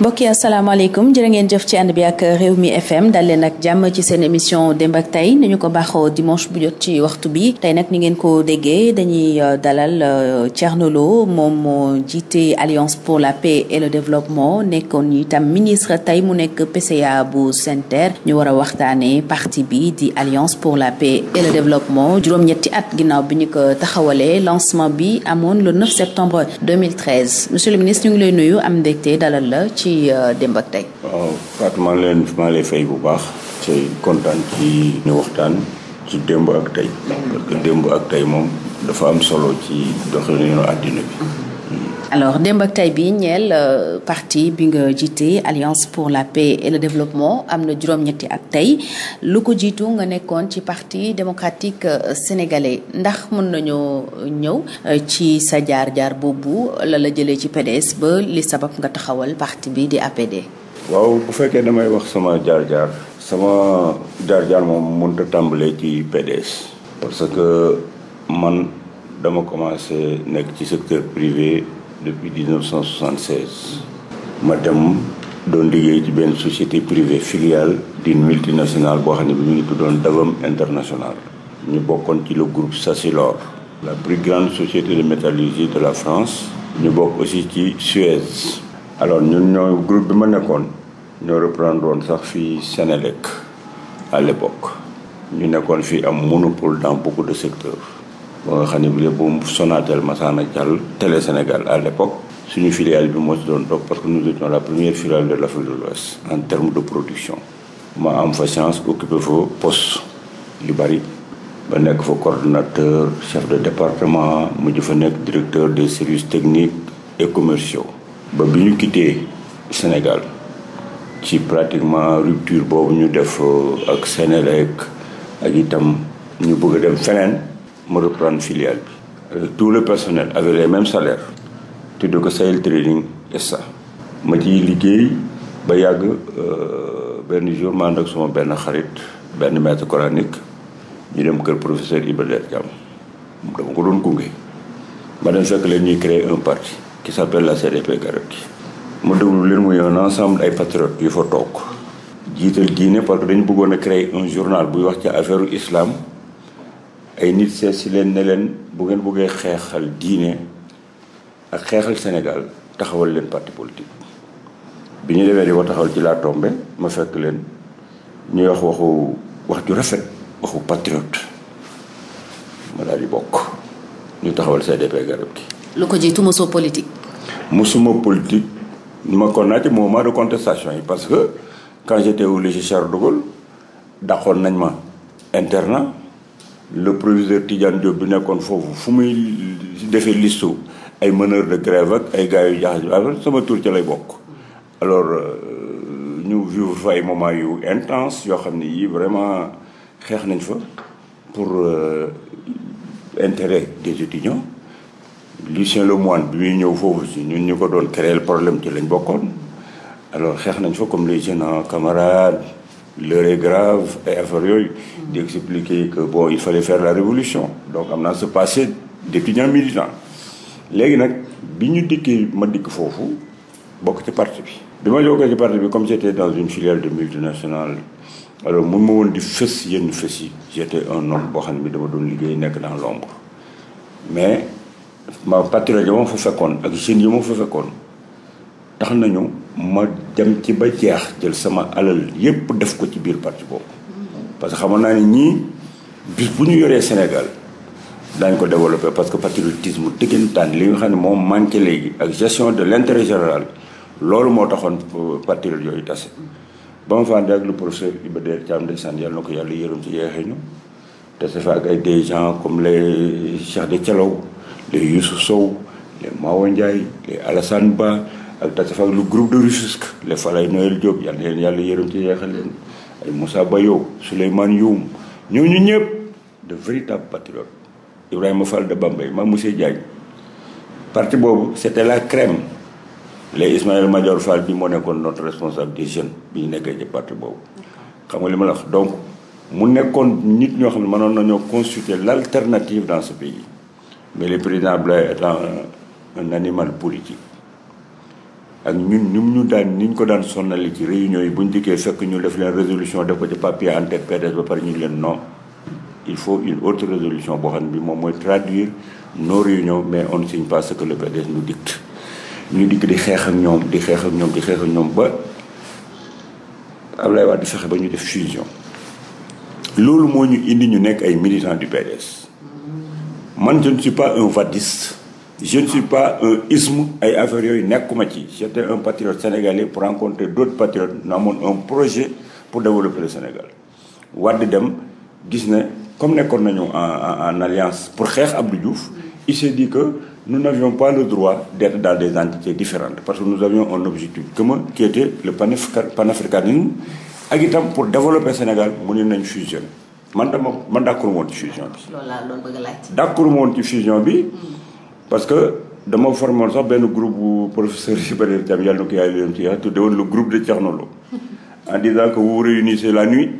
mbokk yi asalaamaaleykum jërë ngeen jëf ci ànd bi ak réew mi fm dal leen ak jàmm ci seen émission démb ak tey ñu ko baaxoo dimanche bu jot ci waxtu bi tey nag ni ngeen ko déggee dañuy euh, dalal euh, Thierno Lo moom moo jiite alliance pour la paix et le développement nekkoon itam ministre tey mu nekk PCA bu SENTER ñu war a waxtaanee parti bi di alliance pour la paix et le développement juróom-ñetti at ginnaaw bi ñu ko taxawalee lancement bi amoon le 9 septembre 2013 monsieur le ministre ñu ngi lay nuyu am mbégte dalal la ci euh, démb ak tey. waaw maa lay fay bu baax. ci kontaan ci ñu waxtaan ci démb ak tey. Mm. parce que démb ak tey moom dafa am solo ci doxalinu àddina bi. Mm-hmm. alors démb ak tay bi ñeel euh, parti bi nga jiitee alliance pour la paix et le développement am na juróom-ñetti at tey lu ko jiitu nga nekkoon ci parti démocratique euh, sénégalais ndax mën nañoo euh, ñëw ci sa jaar-jaar boobu la la jëlee ci PDS ba li sabab nga taxawal parti bi di APD. waaw bu fekkee damay wax sama jaar-jaar sama jaar-jaar moom mënut tàmbalee ci PDS. parce que man dama commencé nekk ci secteur privé. depuis 1976. ma dem doon liggéey ci benn société privée filiale d'une multinationale boo xam ne bi mu ngi tuddoon Davam International. ñu bokkoon ci le groupe Sacilor. la plus grande société de métallurgie de la France. ñu bokk aussi ci Suez. alors ñun ñoo groupe bi ma nekkoon ñoo reprendre woon sax fii Sénélec à l'époque ñu nekkoon fii am monopole dans beaucoup de secteurs. ba nga xam ne bi lépp bu Sonatel masaana jàll Télé Sénégal à l'époque suñu filiale bi moo ci doon toog parce que nous étions la première filiale de l'Afrique de l'Ouest en termes de production ma am fa chance occupé fa poste yu bari ba nekk fa coordonnateur chef de département mujj fa nekk directeur des services technique et commerciaux ba bi ñu quitté Sénégal ci pratiquement rupture boobu ñu def euh, ak Sénélec ak itam ñu bëgg dem feneen ma reprendre filiale bi. Euh, tout le personnel avec les mêmes salaires. tudde ko Sahel Trading SA. ma ciy liggéey ba yàgg euh, benn jour ma ànd ak sama benn xarit benn maître coranique ñu dem kër professeur Ibrahima Thiam dama ko doon gunge. ma dem fekk leen ñuy créer un parti ki s'appelle la CDP Garotti. ma déglu leen muy un ensemble ay patriotes yu fa toog. jiital diine parce que dañu bëggoon a créer un journal buy wax ci affaire islam. ay nit seet si leen ne leen bu ngeen bëggee xeexal diine ak xeexal Sénégal taxawal leen parti politique bi ñu demee di ko taxawal ci laa tombe ma fekk leen ñuy wax waxu wax ju rafet waxu patriote ma daal di bokk ñu taxawal CDP garab gi. lu ko jiitu mosoo politique. mosuma politique ma kon naa ci moment de contestation yi parce que quand j'étais au lycée de Gaulle dàqoon nañ ma internat. le proviseur Tidiane Diop bi nekkoon foofu fu muy defee listu ay meneur de grève ak ay gars yu jaaxle sama tur ca lay bokk. alors euh, ñu vivre fa ay moments yu intense yoo xam ne yii vraiment xeex nañ fa pour euh, intérêt des étudiants. Lucien Lemoine bi muy ñëw foofu si ñun ñu ko doon créer problème ci lañ bokkoon alors xeex nañ fa comme les jeunes camarades. l'heure est grave et affaire yooyu di expliquer que bon il fallait faire la révolution donc am naa ce passé d'étudiant militant léegi nag bi ñu dikkee ma dikk foofu bokk ci parti bi bi ma jokkoo ci parti bi comme j'étais dans une filiale de multinationale alors mun ma woon di fës yenn fës yi j'étais un homme boo xam ne bi dama doon liggéey nekk dans l'ombre mais ma patriote yi ma fa fekkoon ak jeunes yi ma fa fekkoon tax nañu ma dem ci ba jeex jël sama alal yépp def ko ci biir parti boobu parce que xamoon naa ne ñii bis bu ñu yoree Sénégal dañ ko développé parce que patriotisme dëggantaan li nga xam ne moom manqué léegi ak gestion de l'intérêt général loolu moo taxoon patriote yooyu tase ba ma fànde ak le professeur Iba Der Thiam ndeysaan yàlla na ko yàlla yërëm ci yeexeñu tase fa ak des gens comme les Cheikh de Thialaw les Youssou Sow les Mawo Ndiaye les Ba ak tasafa ak le groupe de Rufisque les Falay Noël Diop yal na leen yàlla yërëm ci yeexal leen ay Moussa Bayo Souleymane Youm ñooñu ñëpp de véritables patriotes Ibrahima Fall de Bambey ma monsieur Diagne parti boobu c'était la crème les Ismaël major Fall bi moo nekkoon notre responsable des jeunes bi ñu nekkee ci parti boobu xam nga li ma la donc mu nekkoon nit ñoo xam ne mënoon nañoo constituer l'alternative dans ce pays mais le président Blay étant un animal politique ak ñun ni ñu daan ni ñu ko daan sonnali ci réunion yi bu ñu dikkee fekk ñu def leen résolution def ko ci papier en tête PDS ba pare ñu leen non il faut une autre résolution boo xam ne bi moom mooy traduire nos réunions mais on ne signe pas ce que le PDS nous ñu dikk di xeex ak ñoom di xeex ak ñoom di xeex ak ñoom ba Ablaye Wade di fexe ba ñu def fusion loolu moo ñu indi ñu nekk ay militants du PDS man je ne suis pas un vadiste je ne suis pas un isme ay affaires yooyu nekkuma ci j'étais un patriote sénégalais pour rencontrer d'autres patriotes na amoon un projet pour développer le Sénégal di dem gis ne comme nekkoon nañu en en alliance pour xeex Abdou Diouf il s'est dit que nous n'avions pas le droit d'être dans des entités différentes parce que nu avions un objectif commun qui était le panafricanisme ak itam pour développer Sénégal mu ne nañ fusionner man dama man d'accord woon ci fusion bi. parce que dama formoon sax benn groupe bu professeur Ibrahima Thiam yàlla na ko yaay leen ci yàlla tudde woon le groupe de Thierno Lo en disant que vous vous réunissez la nuit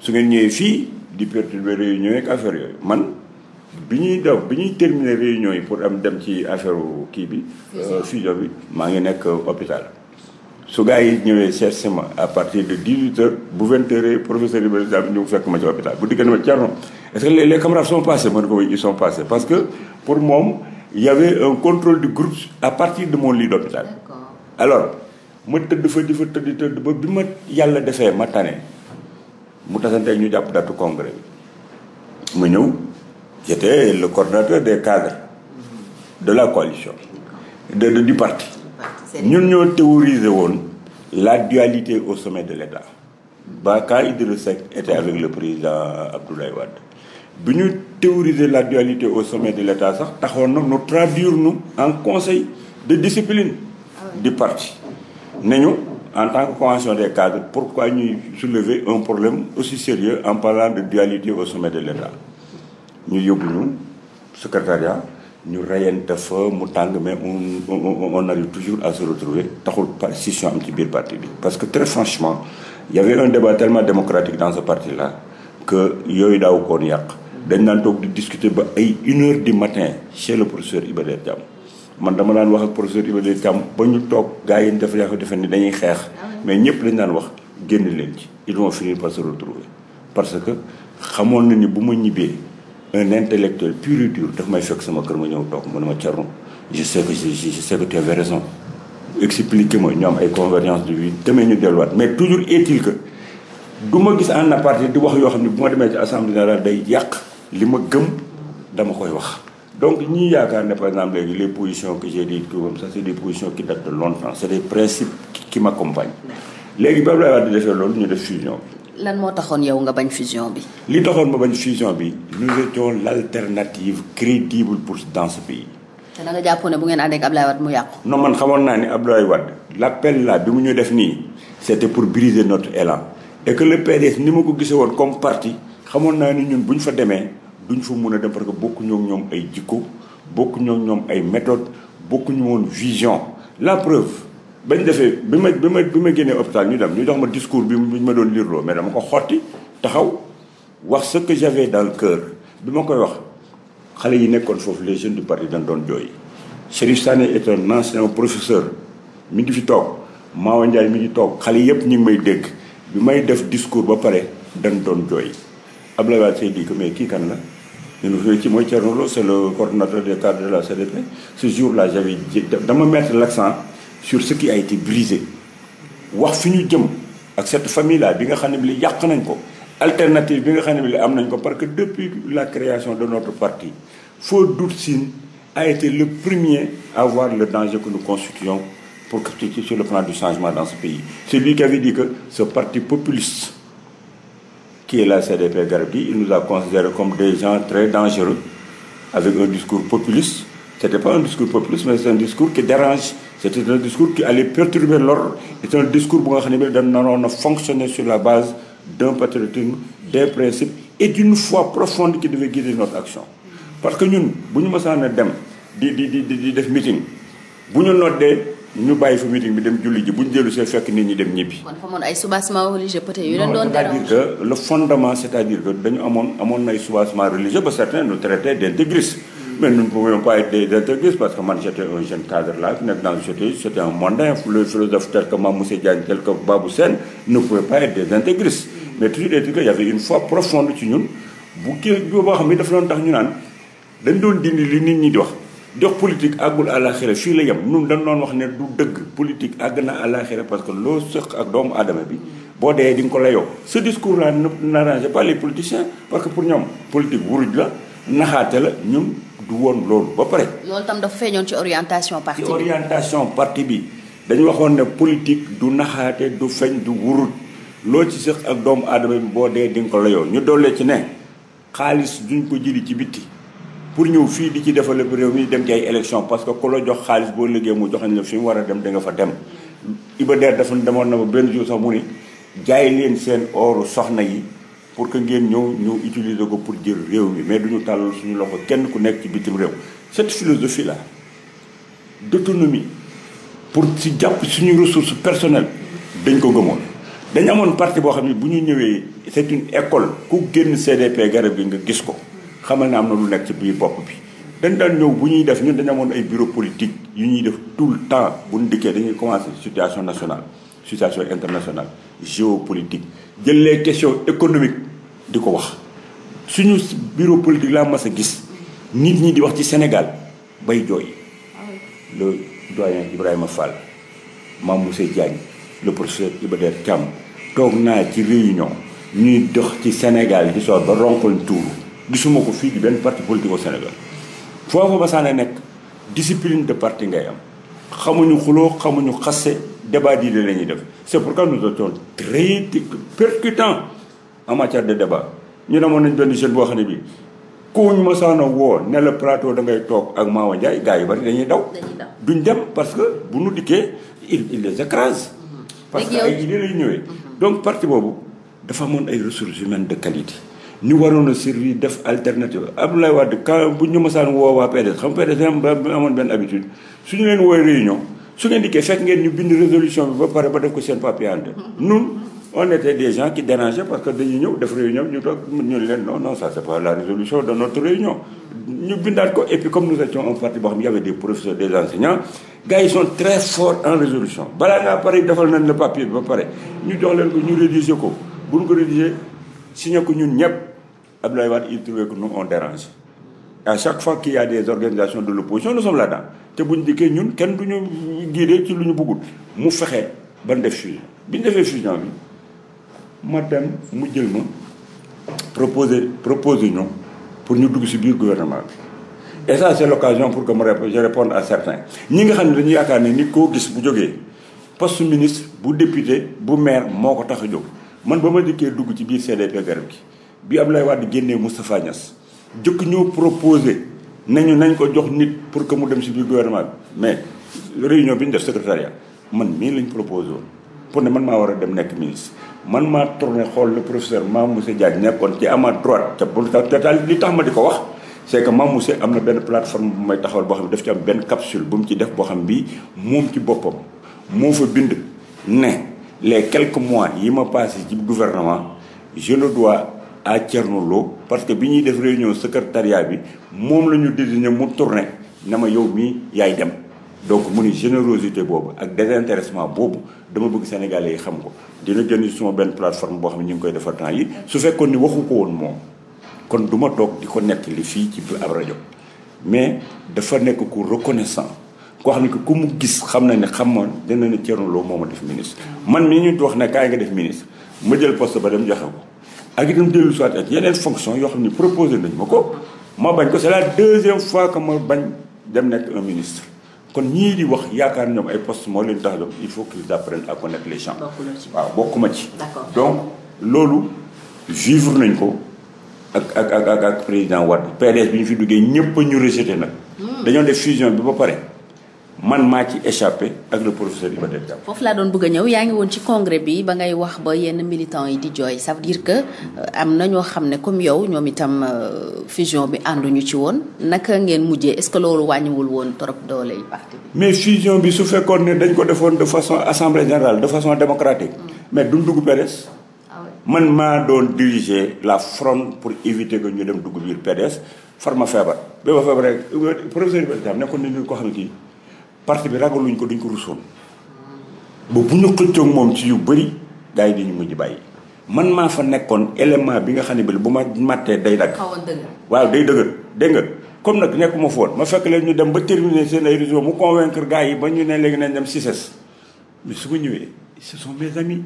su ngeen ñëwee fii di perturber réunion yi ak affaire yooyu man bi ñuy daw bi ñuy terminer réunion yi pour am dem ci affaire kii bi fusion euh, bi maa ngi nekk hôpital su gars yi ñëwee seet si ma à partir de 18 heures bu 20 heures professeur Ibrahima Thiam ñu fekk ma ci hôpital bu diggante ma Thierno est-ce que les camarades sont passés ma ne ko oui ils sont passés parce que pour moom il y avait un contrôle du groupe à partir de mon lit d'hôpital alors ma tëdd fa di fa tëdd tëdd ba bi ma yàlla defee ma tane mu tasante ñu jàpp datu congrès bi ma ñëw j'étais le coordonnateur des cadres de la coalition de, de du parti ñun ñoo théoriser woon la dualité au sommet de l'État ba quand Idrissa Seck était avec le président Abdoulaye Wade bi ñu théoriser la dualité au sommet de l'État sax taxoon na nu traduire nu en conseil de discipline du parti nañu en tant que convention des cadres pourquoi ñu soulever un problème aussi sérieux en parlant de dualité au sommet de l'État ñu yóbbu ñu secrétariat ñu reyante fa mu tàng mais on on arrive toujours à se retrouver taxul par scission am ci biir parti bi parce que très franchement il y avait un débat tellement démocratique dans ce parti là que yooyu daaw ko yàq dañu naan toog di discuter ba ay une di matin chez le professeur Iba Der Thiam man dama daan wax ak professeur Iba Der Thiam ba ñu toog gars yi dafa yaa ko defe ni dañuy xeex ah mais ñëpp dañ daan wax génn leen ci ils vont finir par se retrouver parce que xamoon na ni bu ma ñibbee un intellectuel pur et dur daf may fekk sama kër ma ñëw toog mu ne ma Thierno je sais que je sais que tu avais ma ñu ay convergence de demee ñu delluwaat mais toujours est-il que du ma gis en aparté di wax yoo xam ne bu ma demee ci assemblée générale day yàq li ma gëm dama koy wax. donc ñii yaakaar ne par exemple léegi les positions que j'ai dit tout comme ça c'est des positions qui datent longtemps c'est des principes qui m'accompagnent léegi ba Abdoulaye Wade di defee loolu ñu def fusion bi. lan moo taxoon yow nga bañ fusion bi. li taxoon ma bañ fusion bi nous étions l'alternative crédible pour dans ce pays. te da nga ne bu ngeen ànd ak Abdoulaye Wade mu yàqu. non man xamoon naa ne Abdoulaye Wade l'appel là bi mu ñu def nii c'était pour briser notre élan et ni ma ko gisee woon comme parti. xamoon naa ni ñun bu ñu fa demee duñu fa mun a dem parce que bokkuñu ak ñoom ay jikko bokkuñu ak ñoom ay méthode bokkuñu woon vision la preuve bañ defee bi ma bi ma bi ma génnee hôpital ñu dem ñu jox ma discours bi ñu ma doon lirloo mais dama ko xotti taxaw wax ce que j'avais dans le cœur bi ma koy wax xale yi nekkoon foofu les jeunes du parti dañ doon jooy Chérif Sané est un ancien professeur mi ngi fi toog Maowa Ndiaye mi ngi toog xale yëpp ñu ngi may dégg may def discours ba pare dañ doon jooy Abdoulaye Wade s'est dit que mais kii kan la ñun ci mooy Thierno Lo c'est le coordonnateur de la CDP ce jour dama mettre l'accent sur ce qui wax fi jëm ak cette famille bi nga xam ne bi yàq nañ ko alternative bi nga xam ne bi am nañ ko parce que depuis la création de notre parti Fodou Doudou Sine a été le premier à voir le danger que nous constituons pour que sur le plan du changement dans ce pays c'est qui avait dit que ce parti populiste qui est la CDP Garbi, il nous a considérés comme des gens très dangereux, avec un discours populiste. Ce pas un discours populiste, mais c'est un discours qui dérange. C'était un discours qui allait perturber l'ordre. C'est un discours on a fonctionné sur la base d'un patriotisme, des principes et d'une foi profonde qui devait guider notre action. Parce que nous, si nous sommes des meeting, si nous sommes ñu bàyyi fa meeting bi dem julli ji bu ñu dellu see fekk nit ñi dem ñibbi. kon fa amoon ay soubassements religieux peut-être leen doon déranger cest que cest dañu amoon amoon na ay soubassements religieux ba certains nous traitaient d'intégristes. Mm. mais nous ne pouvions pas être man j'étais un jeune mm. mais toujours est-il que y une foi profonde ci ñun bu kii boo xam ne dafa doon tax ñu naan dañ doon dindi li nit ñi di wax. dox politique àggul àllaaxira fii la yem ñun dañ doon wax ne du dëgg politique àgg na àllaaxira parce que loo sëq ak doomu aadama bi boo dee di nga ko layoo ce discours là n'arrange pas les politiciens parce que pour ñoom politique wuruj la naxaate la ñun du woon loolu ba pare. loolu tam dafa feeñoon ci orientation parti bi ci parti bi dañu waxoon ne politique du naxaate du feeñ du wuruj loo ci sëq ak doomu aadama boo dee di nga ko layoo ñu dollee ci ne xaalis duñ ko jëli ci bitti. pour ñëw fii di ci defal réew mi dem ci ay élection parce que ku la jox xaalis boo liggéey mu joxañ la fi mu war a dem da nga fa dem Iba Der dafa demoon na ma benn jour sax mu ni jaay leen seen ooru soxna yi pour que ngeen ñëw ñëw utiliser ko pour jël réew mi mais duñu tàllal suñu loxo kenn ku nekk ci bitim réew cette philosophie là d'autonomie pour si jàpp suñu ressource personnelle dañ ko gëmoon dañ amoon partie boo xam ne bu ñu ñëwee c'est une école ku génn CDP garab gi nga gis ko xamal na am na lu nekk ci biir bopp bi dañ daan ñëw bu ñuy def ñun dañu amoon ay bureau politique yu ñuy def tout le temps bu ñu dikkee dañuy commencé situation nationale situation internationale géopolitique jël les questions économiques di ko wax suñu bureau politique laa mas a gis nit ñi di wax ci Sénégal bay jooy le doyen Ibrahima Fall Mame Moussa Diagne le professeur Iba Der toog naa ci réunion ñuy dox ci Sénégal di soor ba ronkoñ tuuru gisuma ko fii benn parti politique au Sénégal foofu ba saane nekk discipline de parti ngay am xamuñu xuloo xamuñu xasse débat yi la ñuy def c'est pourquoi nous étions très percutants en matière de débat ñu demoon nañ benn jeune boo xam ne bii kuñ ñu saana woo ne la plateau da ngay toog ak Mawa Ndiaye gars yu bari dañuy daw duñ dem parce que bu nu dikkee il il les écrase mm-hmm. parce que ay idées lay ñëwee mm-hmm. donc parti boobu dafa amoon ay ressources humaines de qualité ñu waroon a survie def alternative Abdoulaye Wade quand bu ñu mosaan woo waa PDS xam PDS dañu benn habitude su ñu leen woowee réunion su ngeen dikkee fekk ngeen ñu bind résolution bi ba pare ba def ko seen papier ante nun on était des gens qui parce que dañuy ñëw def réunion ñu toog ñu leen non non ça c'est pas la résolution de notre réunion ñu bindaat ko et puis comme nous étions un parti boo xam ne y avait des enseignants gars yi très forts en ba pare ñu leen ko ñu rédiger ko buñ signé ko ñun ñëpp Abdoulaye Wade il trouvait que nous on dérange à chaque fois qu'il y des organisations de l'opposition nous sommes là-dedans te bu buñ dikkee ñun kenn du ñu guidé ci lu ñu bëggul mu fexe ban def fusion bi ñu defee fusion bi ma dem mu jël ma proposer proposer ñu pour ñu dugg ci biir gouvernement bi et ça c'est l'occasion pour que ma je réponde à certains ñi nga xam ne dañu yaakaar ne nit koo gis bu jógee poste ministre bu député bu maire moo ko tax a jóg man ba ma njëkkee dugg ci biir CDP garab gi bi Abdoulaye Wade génnee Moustapha Niass jëkk ñoo proposé nañu nañ ko jox nit pour que mu dem si biir gouvernement bi mais réunion bi ñu def secrétariat man mii lañ proposé woon pour ne man maa war a dem nekk ministre man maa tourné xool le professeur Mame Moussa Diagne nekkoon ci ama droite ca bu daal li tax ma di ko wax c' est que Mame am na benn plateforme bu may taxawal boo xam ne daf ci am benn capsule bu mu ci def boo xam bii moom ci boppam moo fa bind les quelque mois yi ma passé ci gouvernement je dois à loo Lo parce que bi ñuy def réunion secrétariat bi moom la ñu désigné mu tourné na ma yow mii yaay dem donc mu ni générosité boobu ak désintéressement boobu dama bëgg sénégalais yi xam ko dina génn suma benn plateforme boo xam ne ñu ngi koy defar temps yi su fekkoon ni waxu ko woon moom kon du ma toog di ko li fii ci ab rajo mais dafa nekk ku reconnaissant koo xam ne que ku mu gis xam na ne xamoon dina ne Thierno Lo moo ma def ministre. man mii ñu wax ne kaay nga def ministre ma jël post ba dem joxe ko ak dellu soit ak yeneen yoo xam ne proposé nañ ko ma la deuxième fois que ma bañ dem nekk un kon ñii di wax yaakaar ñoom ay poste moo leen tax il faut qu'ils apprennent à connaître les gens. waaw bokkuma ci. donc loolu nañ ko. ak ak ak ak président Wade PDS bi ñu fi duggee ñëpp ñu rejeté nag. Hmm. dañoo def fusion bi ba pare. man maa ci échappé ak le professeur Iba foofu laa doon bëgg a ñëw yaa ngi woon ci congrès bi ba ngay wax ba yenn militants yi di jooy ça veut dire que euh, am na ñoo xam ne comme yow ñoom itam euh, fusion bi ànduñu ci woon naka ngeen mujjee est-ce que loolu wàññiwul woon trop doole yi parti mais fusion bi su fekkoon ne dañ ko defoon de façon assemblée générale de façon démocratique. Mm. mais duñ dugg PDS. man maa doon diriger la front pour éviter que ñu dem dugg biir PDS far ma feebar. ba ma feebar rek professeur Iba nekkoon nañu ko xam ne parti bi ragaluñ ko duñ ko rusoon ba bu ñu xëccoog moom ci yu bëri gars yi dañu mujj bàyyi man maa fa nekkoon élément bi nga xam ne bii bu ma màttee day dagg. waaw day dëgër dégg nga comme nag nekkuma foot ma fekk leen ñu dem ba terminer seen ay réseau mu convaincre gars yi ba ñu ne léegi nañ dem CICES su ma ñëwee ce sont mes amis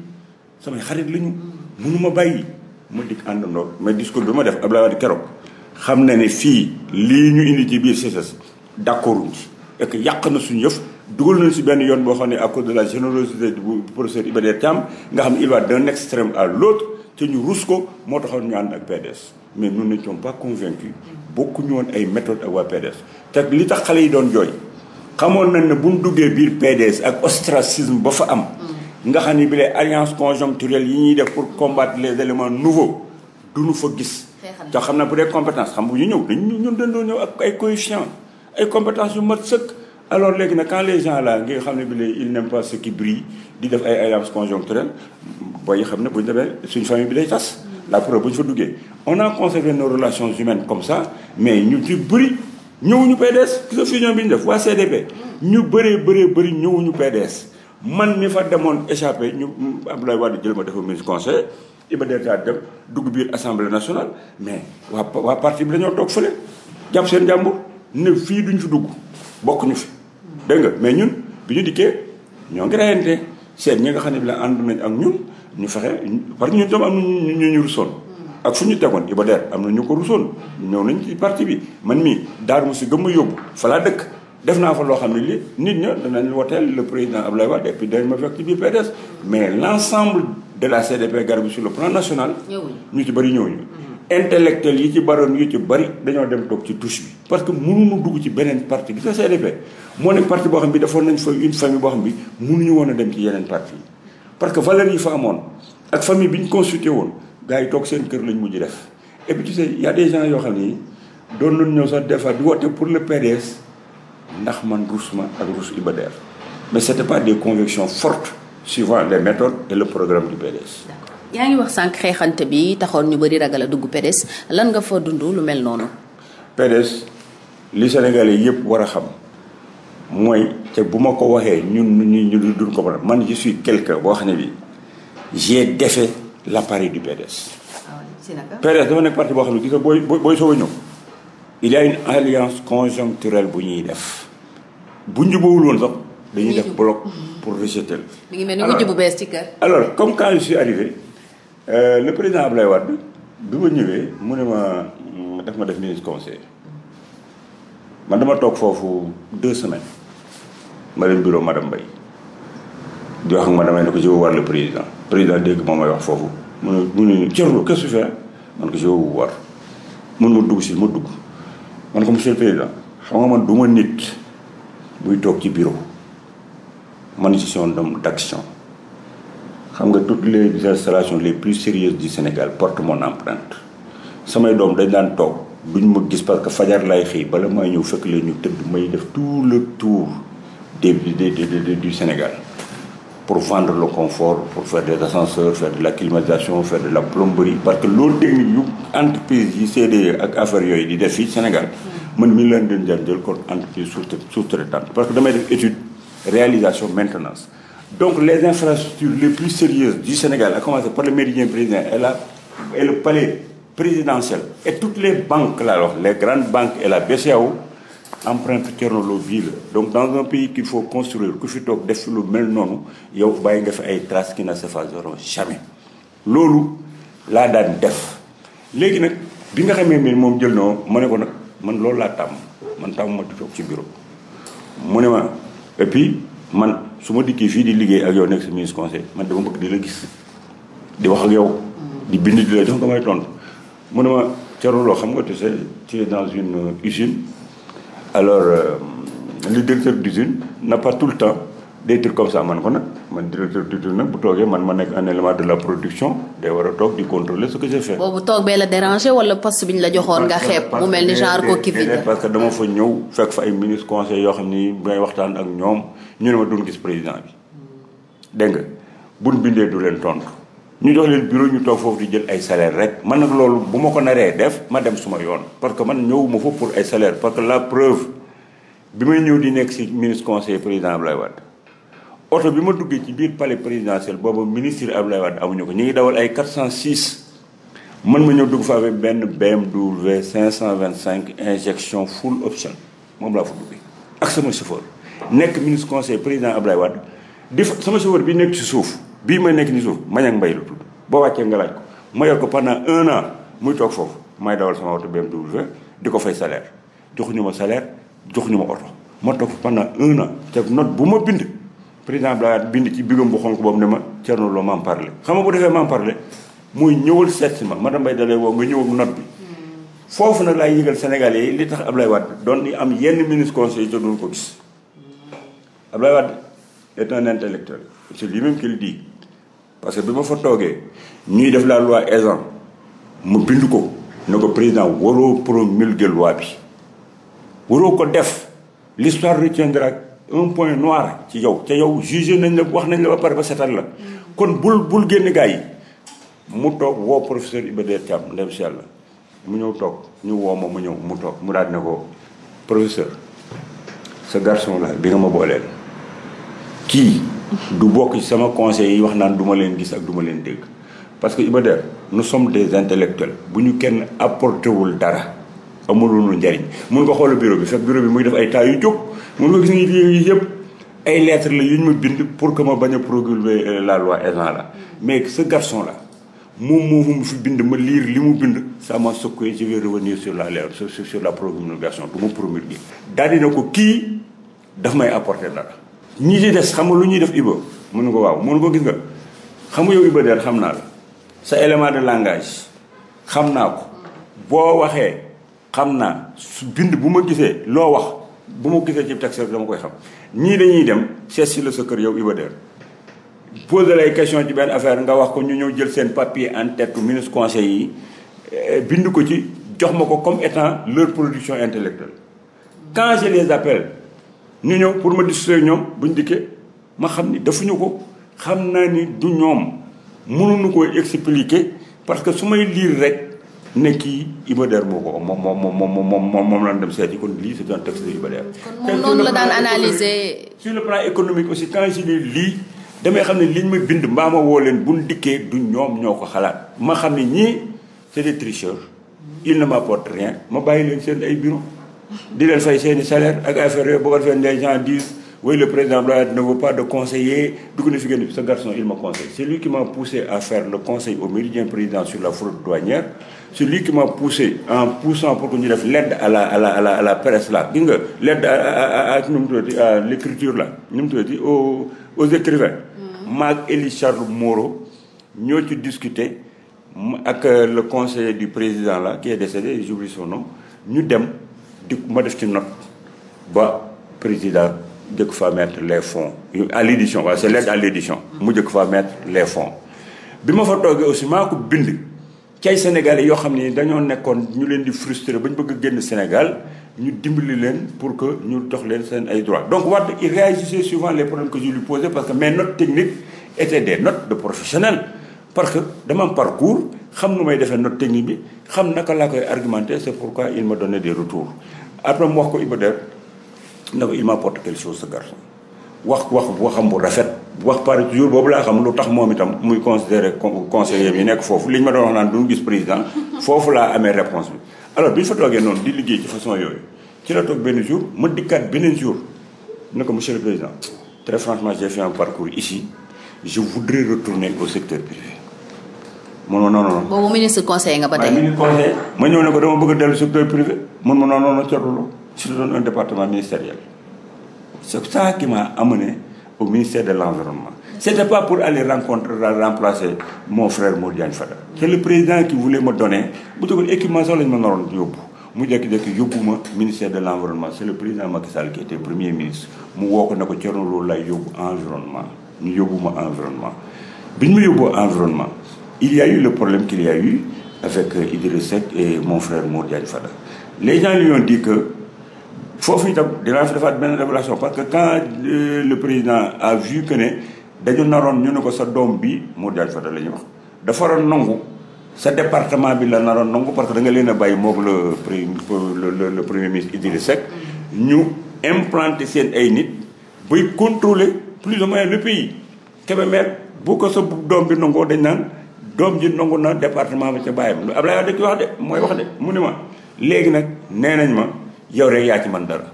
samay xarit la ñu mënuma bàyyi ma dikk àndandoo mais discours bi ma def Abdoulaye keroog xam na ne fii lii ñu ci biir CICES d'accorduñ ci et yàq na suñu yëf dugal nañu si benn yoon boo xam ne à cause de la générosité du professeur Iba Der Thiam nga xam ne il va d'un extrême à l'autre te ñu rus ko moo taxoon ñu ànd ak PDS mais nous n'étions pas convaincus bokkuñu woon ay méthodes ak te li tax xale yi doon jooy xamoon nañ ne bu ñu duggee biir PDS ak ostracisme ba fa am nga xam ne bi les alliances conjoncturelles yi ñuy def pour combattre les éléments nouveaux nu fa gis te xam na bu dee compétence xam bu ñu ñëw dañ ñun dañ doon ñëw ak ay coefficient ay compétence yu mat sëkk alors léegi na quand les gens là nga xam ne bi lay ils n'aiment pas ce qui brille di def ay alliance conjoncturelle booy yi xam ne bu ñu demee suñ famille bi lay tas la preuve bu ñu fa duggee on a conservé nos relations humaines comme ça mais ñu ci bëri ñëwuñu PDS gis nga fusion bi ñu def waa CDP ñu bëree bëree bëri ñëwuñu PDS man mi fa demoon échappé ñu Abdoulaye Wade jël ma dafa ministre conseil Iba Der Thiam dem dugg biir assemblée nationale mais waa waa parti bi lañoo toog fële jàpp seen jàmbur ne fii duñ fi dugg bokkuñu fi dégg nga mais ñun bi ñu dikkee ñoo ngi reyante seet ñi nga xam ne bi la ànd nañ ak ñun ñu fexe parce que ñun am na ñu ñu ñu rusoon ak fu ñu tegoon Iba Der am na ñu ko rusoon ñëw nañ parti bi man mii daar mu si gëm ma yóbbu fa dëkk def naa fa loo xam ne lii nit ña danañ woteel le président Abdoulaye Wade et puis dañ ma mais l' de la CDP Garabou sur le plan national ñu ci bëri ñëwuñu intellectuel yi ci baroon yu ci bari dañoo dem toog ci touche bi parce que mënuñu dugg ci beneen parti bi ko CDP moo ne parti boo xam bi dafoon nañ fa une famille boo xam bi mënuñu woon a dem ci yeneen parti yi parce que valeurs yi fa amoon ak famille bi ñu constitué woon gars yi toog seen kër lañ mujj def et puis tu sais y a des gens yoo xam ni doon nañ ñëw sax des fois di woote pour le PDS ndax man rus ma ak rus Iba Der mais c'était pas des convictions fortes suivant les méthodes et le programme du PDS yaa ngi wax sànq xeexante bi taxoon ñu bëri ragal a dugg PDS lan nga fa dund lu mel noonu. PDS li Sénégalais yëpp war a xam mooy te bu ma ko waxee ñun ñu ñu duñ ko man je suis quelqu'un boo xam ne bi j'ai défait l'appareil du PDS. Ah PDS dafa nekk parti boo xam ne gis nga booy booy soog a ñëw. il y a une alliance conjoncturelle bu ñuy def bu njubawul woon sax dañuy def bloc pour rejeter. mi ngi mel ni wujj bu bees ci kër. alors comme quand je arrivé. Euh, le président Ablaye Wade bi bi ma ñëwee mu ne ma mm, daf ma def ministre conseil man dama toog foofu deux semaines ma dem bureau ma Mbaye di wax ak ma damay ne ko je veux voir le président président dégg moom may wax foofu mu ne mu ne Thierno qu'est-ce que tu fais man ko je veux mun ma dugg si ma dugg man ko monsieur le président xam nga man du ma nit buy toog ci bureau man ci son dom d'action xam nga toutes les installations les plus sérieuses du Sénégal portent mon empreinte samay doom dañ daan toog ñu ma gis parce que fajar lay xëy bala may ñëw fekk leen ñu tëdd may def tout le tour des du Sénégal pour vendre le confort pour faire des ascenseurs faire de la climatisation faire de la plomberie parce que loolu technique yu entreprise yi CDE ak affaire yooyu di def fii Sénégal man mi leen doon jël kon entreprise sous-traitante parce que damay def étude réalisation maintenance donc les infrastructures les plus sérieuses du Sénégal à commencé par le Méridien Président et la et le palais présidentiel et toutes les banques là alors les grandes banques et la BCEAO emprunte Thierno Lo bii la donc dans un pays qu'il faut construire ku fi toog def lu mel noonu yow bàyyi nga fi ay traces qui ne se effaceront jamais loolu laa daan def léegi nag bi nga xamee ne moom jël noo ma ne ko nag man loolu laa tàmm man tàmm ma di toog ci bureau man su ma dikkee fii di liggéey ak yow nekk si ministre conseil man dama bëgg di la gis di wax ak yow. di bind di la jox nga may tontu. mu ne ma caruloo xam nga tu sais tu dans une euh, usine alors euh, le directeur d'usine n'a pas tout le temps des trucs comme ça man ko nag man directeur d'usine nag bu toogee man ma nekk un élément de la production day war a toog di contrôler ce que j'ai fait. boobu toog bee la déranger wala poste bi la joxoon nga xeeb. mu mel fekk fa ay ministre xam ni ngay waxtaan ak ñoom. ñu ne ma duñ gis président bi dégg nga buñ bindee du leen tontu ñu jox leen bureau ñu toog foofu di jël ay salaire rek man nag loolu bu ma ko naree def ma dem suma yoon parce que man ñëw ma fa pour ay salaire parce que la preuve bi may ñëw di nekk si ministre conseil président lay Wade oto bi ma duggee ci biir palais présidentiel boobu ministre Abdoulaye Wade amuñu ko ñu ngi dawal ay cent 406 man ma ñëw dugg fa avec benn BMW 525 injection full option moom laa fa duggee ak sama chauffeur nekk ministre conseil président Ablaye Wade di fa sama chauffeur bi nekk ci suuf bii may nekk ni suuf Maniang Mbaye la tudd boo wàccee nga laaj ko ma yor ko pendant un an muy toog foofu may sama oto BMW di ko fay salaire joxuñu ma salaire joxuñu ma oto ma toog un an te note bu ma bind président Ablaye Wade bind ci bigam bu xonk boobu ne ma Thierno Lo maam parlé xam nga bu defee maam parlé muy ñëwal seet si ma madame mbay dalay woo nga ñëw ak note bi foofu na laay yëgal Sénégalais yi li tax Ablaye Wade doon di am yenn ministre conseil te duñ ko gis Abdoulaye Wade est un intellectuel c'est lui-même parce que bi ma fa toogee ñuy def la loi Ezzan mu bind ko ne ko président waroo promulguer loi bi waroo ko def l'histoire retiendra un point noir ci yow ca yow jugé nañ la wax nañ la ba pare ba setal la kon bul bul génn gaa yi mu toog woo professeur Iba Der Thiam ndem si yàlla mu ñëw toog ñu woo ma mu ñëw mu toog mu daal ne ko professeur ce garçon là bi nga ma booleel kii du bokk sama conseil yi wax naan du ma leen gis ak duma leen dégg parce que Iba Der nous sommes des intellectuels bu ñu kenn apporté wul dara amulunu njariñ mun nga xool bureau bi fekk bureau bi muy def ay tas yu jóg mun nga gis ni lii yëpp ay lettres la yu ñu ma bind pour que ma bañ a promulguer euh, la loi Elan la mais ce garçon là moom moomu fi bind ma liir li mu bind ça m'a secoué je vais revenir sur la sur sur la promulgation du ma promulguer daal dina ko kii daf may apporter dara ñi ci des xam nga lu ñuy def Iba mun na ko waaw mun ko gis nga xam nga yow Iba Der xam naa la sa élément de langage xam naa ko boo waxee xam naa su bind bu ma gisee loo wax bu ma gisee ci texte dama koy xam ñii dañuy dem seet si la sa kër yow Iba Der poser lay question ci benn affaire nga wax ko ñu ñëw jël seen papier en tête ministre conseil yi eh, bind ko ci jox ma ko comme étant leur production intellectuelle quand je les appelle ñu ñëw pour ma discuter ñoom bu ñu dikkee ma xam ni defuñu ko xam naa ni du ñoom mënuñu koo expliquer parce que su may liir rek ne kii Iba Der moo ko moom moom moom moom moom lan dem seeti kon lii c'est un texte de Iba Der. kon moom la daan analyser sur le plan économique aussi quand je dis lii damay xam ne liñ ma bind mbaa woo leen buñ dikkee du ñoom ñoo ko xalaat ma xam ne ñii c'est des tricheurs. il ne m'apporte rien ma bàyyi leen seen ay bureau di leen fay seeni salaire ak affaire yooyu boo ko defee les gens disent oui le président Blay ne veut pas de conseiller dugg na fi génn sa garçon il me conseille c'est lui qui m'a poussé à faire le conseil au méridien président sur la fraude douanière c'est lui qui m'a poussé en poussant pour que ñu def l'aide à la à la à la à l'aide à l'écriture là nu mu aux aux écrivains maag mm-hmm. Elie Charles Moreau ñoo ci discuter ak le conseil du président la ki est décédé j'oublie ñu dem di ma def ci note ba président jëkk fa mettre les fonds à l'édition waaw c'est l'aide à l'édition mu jëkk fa mettre les fonds bi ma fa toogee aussi maa ko bind ci ay sénégalais yoo xam ne dañoo nekkoon ñu leen di frustré ba ñu bëgg génn Sénégal ñu dimbali leen pour que ñu jox leen seen ay droits donc Wade il réagissait suivant les problèmes que je lui posais parce que mes notes techniques étaient des notes de professionnels parce que dama am parcours xam nu may defee note technique bi xam naka laa koy argumenter c'est pourquoi il me donnait après mu wax ko Iba Der ne ko il m'apporte quelque chose ce garçon wax wax waxam bu rafet wax par toujours boobu laa xam lu tax moom itam muy considéré conseiller yi nekk foofu li ñu ma doon wax naan duñu gis président foofu laa amee réponse bi alors bi ñu fa toogee noonu di liggéey ci façon yooyu ci la toog benn jour ma dikkaat beneen jour ne ko monsieur le président très franchement j'ai fait un parcours ici je voudrais retourner au secteur privé mun ma non non. boobu ministre conseil nga ba tey. ma ñëw ne ko dama bëgg a dellu secteur privé mun ma non non cotuloo si département ministériel c'est ça qui m'a amené au ministère de l'environnement c'était pas pour aller rencontrer remplacer mon frère Modou Diagne Fada c'est président qui voulait me donner bu duggoon équipement sax ma naroon yóbbu mu jékki-jékki yóbbu ma ministère de l'environnement c'est le président Macky Sall qui était premier mu woo ko ne ko Thierno Lo lay yóbbu environnement ñu yóbbu ma environnement bi ñu mu yóbbu environnement il y eu le problème qu'il y a eu avec euh, Idriss Seck et mon frère Mor Diagne Fada les gens lui ont dit que foofu itam dinaa defaat benn révélation parce que quand euh, le président a vu que ne dañu naroon ñu ne ko sa doom bi Mor Diagne Fada la ñuy wax dafa waroon nangu sa département bi la naroon nangu parce que da nga leen a bàyyi moog le le le premier ministre Idriss Seck ñu implanter seen ay nit buy contrôler plus ou moins le pays Kébémer bu ko sa doom bi nangoo dañ naan doom ji nangu na département ba ca bàyyam lu Ablaye Wade ki wax de mooy wax de mu ne ma léegi nag nee nañ ma yow rek yaa ci man dara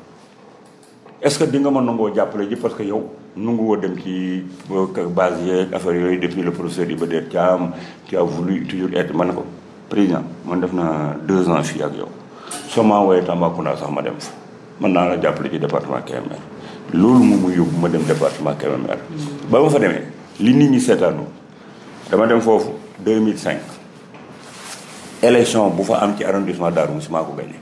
est-ce que di nga ma nangoo jàppale ji parce que yow nangu woo dem ci euh, base yeeg affaire yooyu depuis le professeur Iba Der Thiam tu as voulu toujours être ma ne ko président man def na deux ans fii ak yow soo ma wooyee Tambacounda sax ma dem fa mën naa la jàppale ci département Kébémer loolu moom mu yóbbu ma dem département Kébémer ba ma fa demee li nit ñi seetaanu dama dem foofu mille cinq élection bu fa am ci arrondissement Darou Mousty maa ko gagné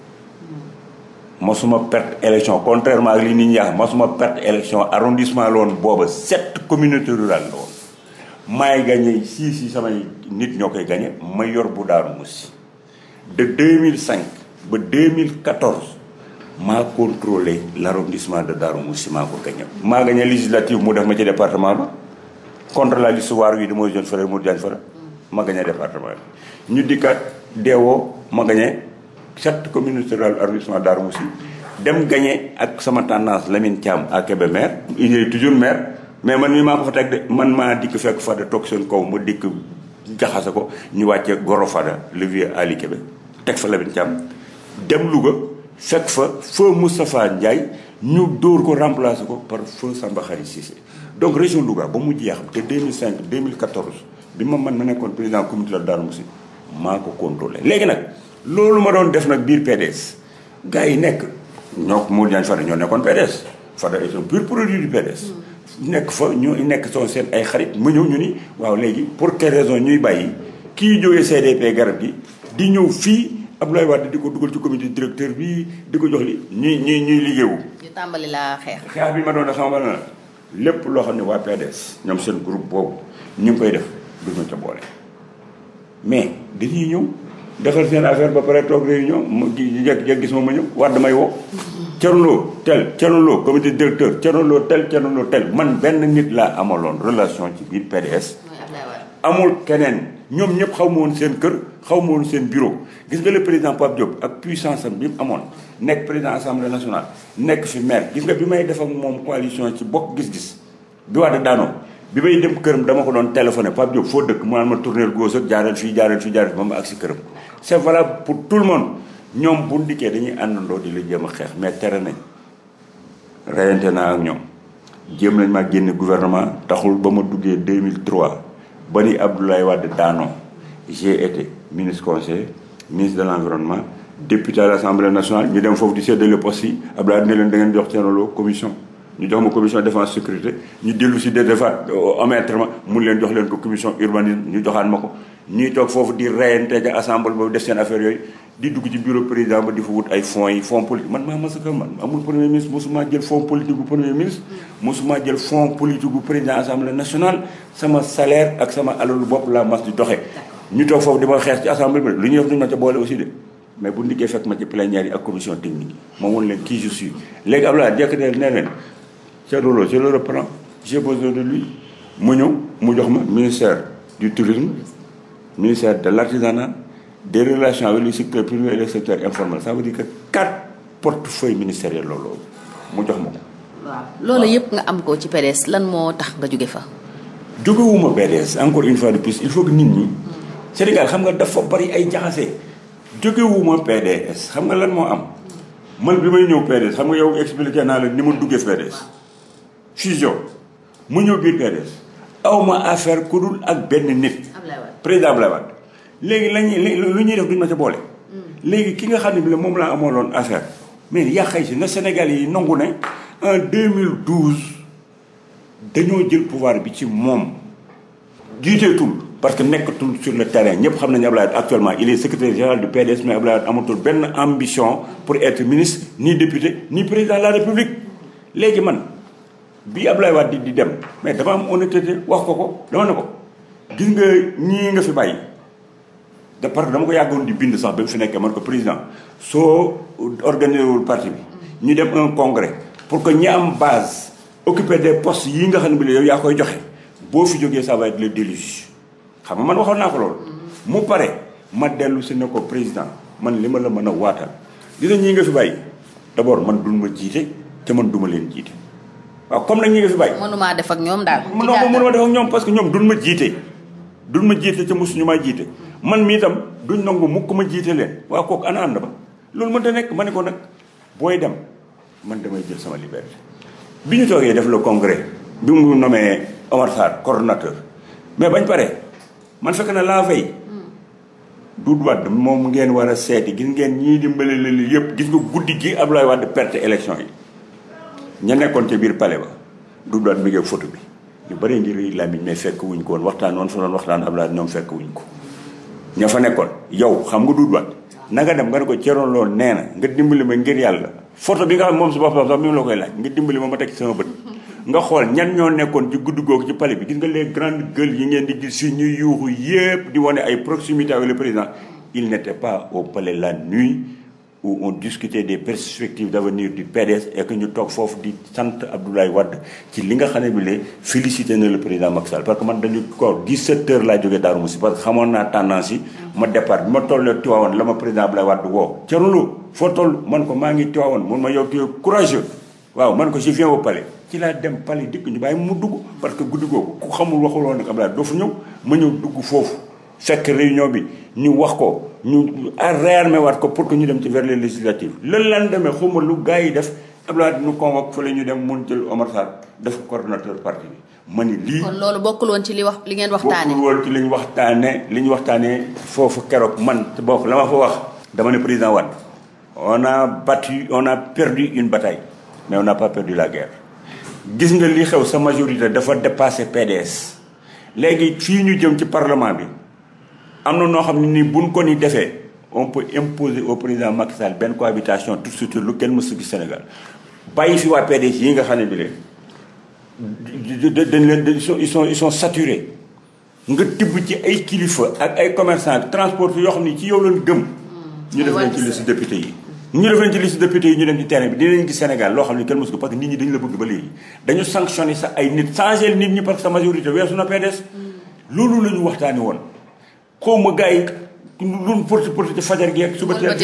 masuma perte élection contrairement ak li nit ñi wax masuma perte élection arrondissement la woon booba sept communautés rurales la woon maay gagné sii si samay nit ñoo koy gagné ma yor bu Darou Mousty de 2005 ba 2014 maa contrôlé l' arrondissement de Darou Mousty maa ko gagné. maa gagné législative mu def ma ci département ba la liste waar wi di mooy jeune ma gagné département bi ñu dikkaat deewoo ma gagné sept communes rurales arrondissement Darou Moussi dem gagné ak sama tendance Lamine caam a Kébémer il est toujours maire mais man mii maa ko fa teg de man maa dikk fekk Fada toog seen kaw ma dikk jaxase ko ñu wàcce Goro Fada le vieux Ali Kébé teg fa Lamine Thiam dem Louga fekk fa feu Moustapha Ndiaye ñu dóor ko remplacer ko par feu Samba Khary Cissé donc région Louga ba mu jeex te 2005 2014 bi ma man ma nekkoon président comité la Darou Moussi maa ko contrôlé léegi nag loolu ma doon def nag biir PDS gars yi nekk ñoo Modou Diagne Fada ñoo nekkoon PDS Fada est un produit du PDS nekk fa ñu nekk son seen ay xarit mu ñëw ñu ni waaw léegi pour quelle raison ñuy bàyyi kii jógee CDP garab gi di ñëw fii ab Abdoulaye Wade di ko dugal ci comité directeur bi di ko jox li ñuy ñuy ñuy liggéeyu. ñu tàmbali laa xeex. xeex bi ma doon a sama la lépp loo xam ne waa PDS ñoom seen groupe boobu ñu ngi duñ ma ca boole mais dañuy ñëw defal seen affaire ba pare toog réunion mu jekk gis ma ma ñëw war damay woo cerno tel cerno loo comité directeur cerno tel cerno tel man benn nit laa amaloon relation ci biir PDS amul keneen ñoom ñëpp xaw ma seen kër xaw ma woon seen bureau gis nga le président Pape Diop ak puissance am bi mu amoon nekk président assemblée nationale nekk fi maire gis nga bi may def moom coalition ci bokk gis-gis bi wax de daanoo bi may dem këram dama ko doon téléphoné Pape Diop foo dëkk mu naan ma tourner gauche ak jaareel fii jaareel fii jaareel fii ba mu agsi këram. c'est valable pour tout le monde ñoom bu ndikkee dañuy àndandoo di la jéem a xeex mais tere nañ reyante naa ak ñoom jéem nañ maa génne gouvernement taxul ba ma duggee 2003 ba ni Abdoulaye Wade daanoo j'ai été ministre conseiller ministre de l'environnement député à l'Assemblée nationale ñu dem foofu di séddale poste yi Abdoulaye ngeen jox seen commission. ñu jox ma commission défense sécurité ñu dellu si de defaat euh, amétrement mun leen jox leen ko commission urbanisme ñu joxaan ma ko ñuy toog foofu di reyante ca assemblée boobu def seen affaire yooyu di dugg ci bureau président ba di fa wut ay fonds yi fonds politique man maa masaka man amul premier ministre mosuma jël fonds politique bu premier ministre mosuma jël fonds politique bu président assemblée nationale sama salaire ak sama alalu bopp laa mas di doxee ñu toog foofu di ma xeex ci assemblée bi lu ñu def duñu ma ca boole aussi ca loolu je le reprends j'ai mu ñëw mu jox ma ministère du tourisme ministère de l'artisanat des relations avec le secteur privé et le secteur informel ça veut dire que quatre portefeuilles ministériels loolu mu jox ma ko. waaw loolu yëpp nga am ko ci PDS lan moo tax nga jóge fa. jógewuma PDS encore une fois de plus il faut que nit ñi. Sénégal xam nga dafa bari ay jaxase. jógewuma PDS xam nga lan moo am man bi may ñëw PDS xam nga yow expliqué naa la ni ma duggee PDS. fusion mu ñëw biir PDS awma affaire ku dul ak benn nit. président Ablaye Wade léegi la ñuy lu ñuy def duñu ma ca boole. Mm. léegi ki nga xam ne bi la moom laa amoon loon affaire mais yaa xëy si na Sénégal yi nangu ne en 2012 dañoo jël pouvoir bi ci moom jiiteetul parce que nekkatul sur le terrain ñëpp xam nañu Ablaye actuellement il est secrétaire général du PDS mais Ablaye amatul benn ambition pour être ministre ni député ni président de la République léegi man. bi Abdoulaye waat di dem mais dama am honnêteté wax ko ko dama ne ko gis nga ñii nga fi bàyyi de parce que dama ko yàggoon di bind sax ba mu fi nekkee man ko président soo organisé wul parti bi ñu dem un congrès pour que ñi am base occuper des postes yi nga xam ne bi yow yaa koy joxe boo fi jógee ça va être le xam nga man waxoon naa ko loolu mu pare ma dellu si ne ko président man li ma la mën a waatal gis nga ñii nga fi bàyyi d'abord man dul ma jiite te man duma leen waaw comme nag ñi nga fi bàyyi. mënuma def ak ñoom daal. ci gàttal mënuma def ak ñoom parce que ñoom duñ ma jiite. duñ ma jiite te mosuñu maa jiite. man mii tam duñ nangu mukk ma jiite leen waa kook ana ànd ba loolu mënta nekk ma ne ko nag booy dem man damay jël sama liberté. bi ñu toogee def le congrès bi mu nommé Omar Sarr coordonnateur mais bañ pare man fekk na la veille. Doudou Wade moom ngeen war a seeti gis ngeen ñii dimbale leen yëpp gis nga guddi gi Abdoulaye Wade perte élection yi. ña nekkoon ca biir palais ba du doon mi ngi photo bi ñu bëri ngi rii lamiñ mais fekk wuñ ko waxtaan woon fa doon waxtaan am laa ñoom fekk wuñ ko ña fa nekkoon yow xam nga du wat na dem nga ne ko ceroon loolu nee na nga dimbali ma ngir yàlla foto bi nga xam moom su boppam sax mi la koy laaj nga dimbali ma ma teg ci sama bët nga xool ñan ñoo nekkoon ci guddi googu ci palais bi gis nga lee grandes gueules yi ngeen di gis si ñuy yuuxu yépp di wane ay proximité avec le président il n'était pas au palais la nuit où on discutait des perspectives d'avenir du PDS et que ñu toog foofu di sant Abdoulaye Wade ci li nga xam ne bi le félicité na le président Macky parce que man dañu ko 17 heures laa jógee Darou Moussi parce que xamoon naa tendance yi ma départ bi ma tollee Tivaouane la ma président Abdoulaye Wade woo Thierno foo toll man ko maa ngi Tivaouane mun ma yow tu es courageux waaw man ko je dem palais dikk ñu bàyyi mu dugg parce que guddi googu ku xamul waxuloon nag Abdoulaye doo ma ñëw dugg foofu fekk réunion bi ñu wax ko ñu réarmé waat ko pour que ñu dem ci vers les législatives lan lan demee xuma lu gars yi def Abdoulaye ñu convoque fa la ñu dem mun jël Omar Sarr def ko coordonnateur parti ma ni lii. kon loolu bokkul woon ci li wax li ngeen waxtaanee bokkul woon ci li ñu waxtaanee li ñu waxtaanee foofu keroog man bokk la ma fa wax. dama ne président Wade on a battu on a perdu une bataille mais on n'a pas perdu la guerre gis nga li xew sa majorité dafa dépassé PDS léegi fii ñu jëm ci parlement bi. am na noo xam ne ni buñ ko ni defee on peut imposer au président Macky Sall benn cohabitation tout de suite lu kenn mësul gis Sénégal bàyyi fi waa PDS yi nga xam ne bi leen dañ leen ils sont ils sont ils nga tibb ci ay kilifa ak ay commerçant ak transport yoo xam ne ci yow lañ gëm hmm. ñu def leen ci liste député yi ñu yi ñu dem ci terrain bi xam ne kenn mësu ñi dañu la bëgg ba léegi dañu sanctionné sa ay nit changé nit ñi parce que sa majorité weesu na PDS hmm. loolu la ñu waxtaani woon xaw ma gars yi lu porti porti fajar gi ak suba teel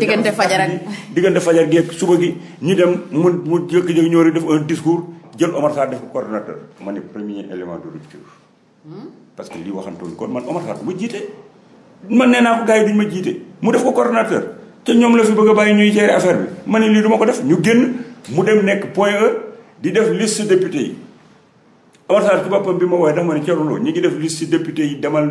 diggante fajar ak diggante fajar gi ak suba gi ñu dem mu mu jékki-jékki ñëw rek def un discours jël Omar Sarr def ko coordonnateur ma ne premier élément de rupture hmm? parce que lii waxantoon kon man Omar Sarr du ma jiite man nee naa ko gars yi duñu ma jiite mu def ko coordonnateur te ñoom la fi bëgg a bàyyi ñuy gérer affaire bi ma ne lii du ma ko def ñu génn mu dem nekk point E di def liste député yi Omar Sarr ci boppam bi ma woowee dafa ma ne Thierno Lo ñu ngi def liste député yi demal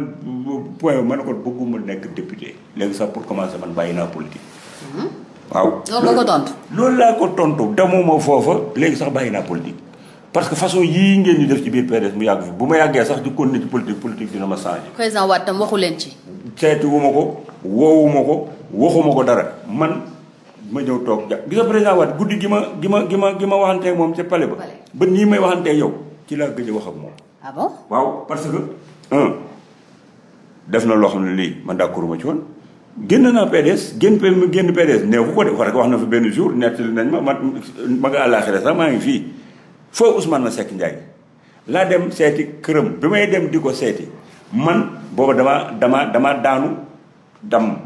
point ma ne ko bëgguma nekk député léegi sax pour commencer man bàyyi naa politique. Mm-hmm. waaw loolu la ko tontu. loolu laa ko tontu demuma foofa léegi sax bàyyi naa politique. parce que façon yii ngeen di def ci biir PDS mu yàgg fi ma yàggee sax di continuer ci politique politique dina ma changé. président Wade tam waxu ci. seetiwuma ko woowuma ko waxuma ko dara man ma ñëw toog ja gis nga président Wade guddi gi ma gi ma gi ma gi ma waxanteeg moom ca palais ba. ba nii may waxanteeg a wax ak moom. ah bon waaw def na loo xam ne lii man d'accorduma ci woon génn naa PDS génn génn PDS néew ku ko def rek wax na fa benn jour nettali nañ ma man ma nga àllaaxira sax maa ngi fii foo Ousmane na Seck Ndiaye laa dem seeti këram bi may dem di ko seeti man booba dama dama dama daanu dam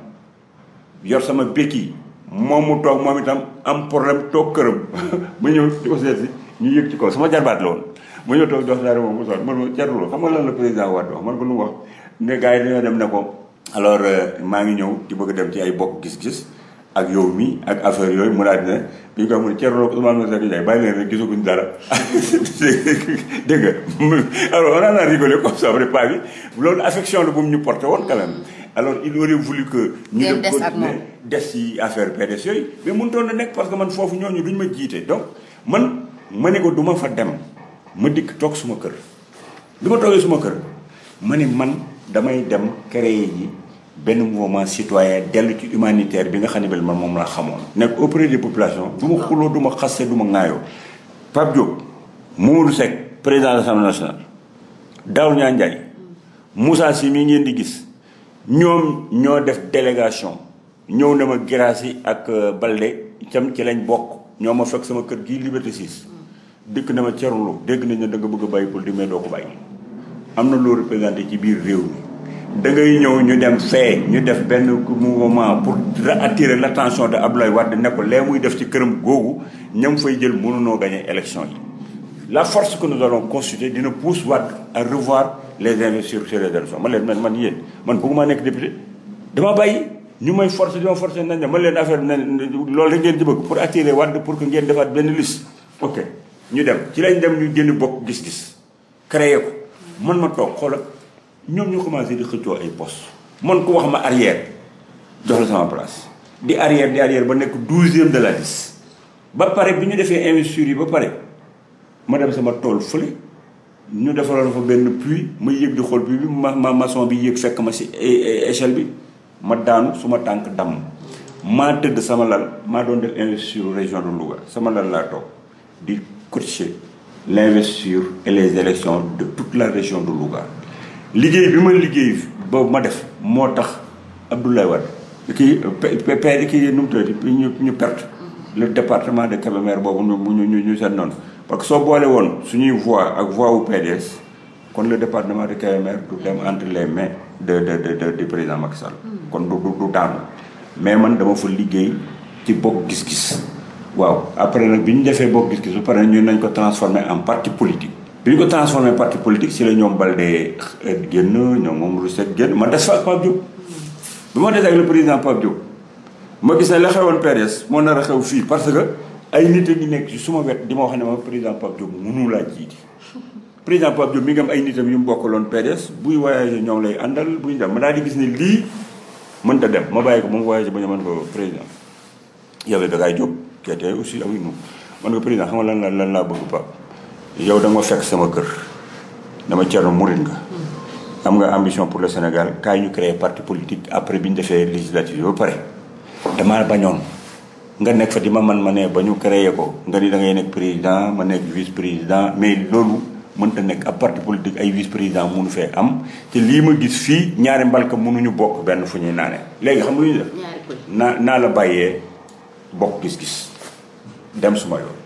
yor sama békki moom mu toog moom itam am problème toog këram mu ñëw di ko seeti ñu yëg ci kaw sama jarbaat la woon mu ñëw toog dox daara moom mu sol man ma jarul xam nga lan la président Wade wax man ko ne gars yi dañoo dem ne ko alors euh, maa ngi ñëw di bëgg dem ci ay bokk gis-gis ak yow mi ak affaire yooyu mu daal di ne ñu ko amul Thierno Ousmane Masseck Ndiaye bàyyi leen rek dara dégg nga alors on en a rigolé comme ça après pas bi loolu affection la bu mu ñu porte woon quand même alors il aurait voulu que. ñu dem continuer des ci affaire PDS yooyu. mais mënutoon na nekk parce que man foofu ñooñu duñ ma jiite donc man ma ne ko du ma fa dem ma dikk toog suma kër. du toogee suma kër ma man. damay dem créer ji benn mouvement citoyen dellu ci humanitaire bi nga xam ne bii man moom laa xamoon. nekk auprès des populations. du ma xuloo du ma xaste du ma ŋaayoo. Pape Diop. Mamadou Seck président de l'Assemblée nationale. Daouda Ndiaye. Moussa Sy mii ngeen di gis. ñoom ñoo def délégation. ñëw na ma Girassi ak euh, Balde itam ci lañ bokk ñoo ma fekk sama kër gii Liberté 6. dëkk na ma Thierno dégg nañ ne danga bëgg a pour di mais doo ko bàyyi. am na loo représenté ci biir réew mi da ngay ñëw ñu dem fee ñu def benn mouvement pour attirer l' attention ab Abdoulaye Wade ne ko lee muy def ci këram googu ñam fay jël mënunoo gagné élection yi. la force que nous allons constituer dina pousse Wade à revoir les investisseurs les élections man leen man man yéen man bëgguma nekk député dama bàyyi ñu may force di ma forcer nañ ne man leen affaire ne loolu rek ngeen di bëgg pour attirer Wade pour que ngeen defaat benn liste. ok ñu dem ci lañ dem ñu génn gis-gis créé man ma toog xoola ñoom ñu commencé di xëccoo ay poste man ko wax ma arrière jox la sama place di arrière di arrière ba nekk douzième de la liste ba pare bi ñu defee investir yi ba pare ma dem sama tool fële ñu defaloon fa benn puits ma yéeg di xool bi bi ma ma mason bi yéeg fekk ma si échelle bi ma daanu suma tànk damm maa tëdd sama lal maa doon def investiture région de Louga sama lal laa toog di cotiser l'investiture et les élections de toute la région de luga liggéey bi ma liggéey boobu ma def moo tax Abdoulaye Wade kii euh, père kii nu mu tuddati ñu ñu perte le département de Kébémer boobu ñu ñu ñu seen noonu parce que soo boolee woon suñuy voix ak voix PDS kon le département de Kébémer du dem entre les mains de de de du président Macky hmm. kon du du daanu mais man dama fa liggéey ci bokk gis-gis waaw après nag bi ñu defee bokk gis-gis bu pare ñun nañ ko transformé en parti politique. bi ñu ko transformé parti politique si la ñoom Baldé euh, génn ñoom moom Rousset génn ma des fa ak Pape bi ma des ak le président Pape Diop ma gis ne la xewoon PDS moo nar a xew parce que ay nit a nekk ci suma wet di ma wax ne ma président Pape Diop mënu laa jiiti. président Pape Diop am ay nitam yu mu bokk bokkaloon PDS buy voyagé ñoom lay àndal buy dem ma daal di gis ne lii mënta dem ma bàyyi ko moom voyagé ba ñu man ko président yow da ngay jóg. qui aussi avec ah nous man nga président xam nga lan la lan laa bëgg Pape yow da nga ma fekk sama kër dama Thierno Mouride nga am nga ambition pour le Sénégal kaay ñu créer parti politique après bi ñu defee législative ba pare damaa bañoon nga nekk fa di ma man ma ne ba ñu créé ko nga ni dangay ngay nekk président ma nekk vice président mais loolu mënta nekk ab parti politique ay vice président mënu fee am te lii ma gis fii ñaari mbalka mënuñu bokk benn fu ñuy naanee léegi xam lu naa naa la bàyyee bokk gis dem suma yoon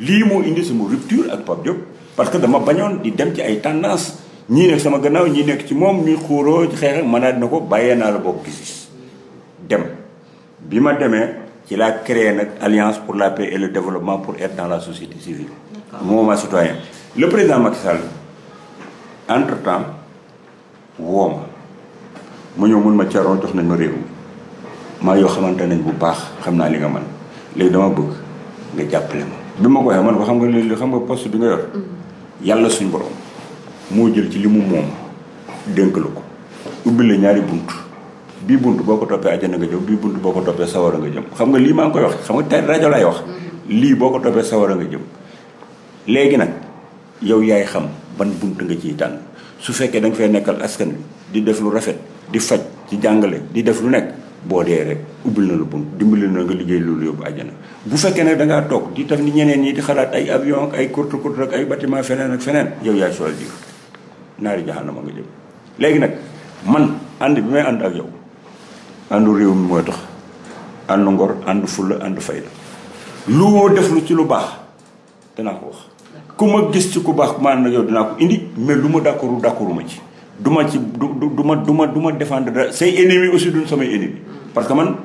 lii moo indi si sama rupture ak Pape Diop parce que dama bañoon di dem ci ay tendance ñii nekk sama gannaaw ñii nekk ci moom ñuy xuuroo xeex mënaat na ko bàyyee naa la bokk gis-gis dem bi ma demee ci laa créer nag alliance pour la paix et le développement pour être dans la société moom mouvement citoyen le président Macky Sall entre temps wooma mu ñëw mun ma caroon jox nañ ma réew maa yoo xamante nañ bu baax xam naa li nga man léegi dama bëgg nga jàppale ma bi ma ko man ko xam nga li xam nga poste bi nga yor mm. yàlla suñ borom moo jël ci li mu moom dénk la ko ubbi la ñaari bunt bii bunt boo ko toppee ajana nga jëm bii bunt boo ko toppee sawara nga jëm xam nga lii maa ngi koy wax xam nga tey rajo laay wax mm. lii boo ko toppee sawara nga jëm léegi nag yow yaay xam ban bunt nga ci tànn su fekkee danga nga nekkal askan bi di def lu rafet di faj ci jàngale di def lu nekk boo dee rek ubbil na la bunt dimbali na nga liggéey loolu yóbbu àjjana bu fekkee nag da toog di taf ni ñeneen ñi di xalaat ay avion ak ay courte courte ak ay batiment feneen ak feneen yow yaay choisir naari jaxanama nga léegi nag man ànd bi ànd ak yow àndu réew mi mooy tax àndu ngor àndu fulla àndu fayda lu moo def ci lu baax danaa ko wax ku ma gis ci ku baax ma ànd ak yow dinaa ko indi mais lu ma d'accordu d'accordu ma ci du ma ci du du ma du ma du ma défendre dara say ennemis aussi duñ samay ennemis parce que man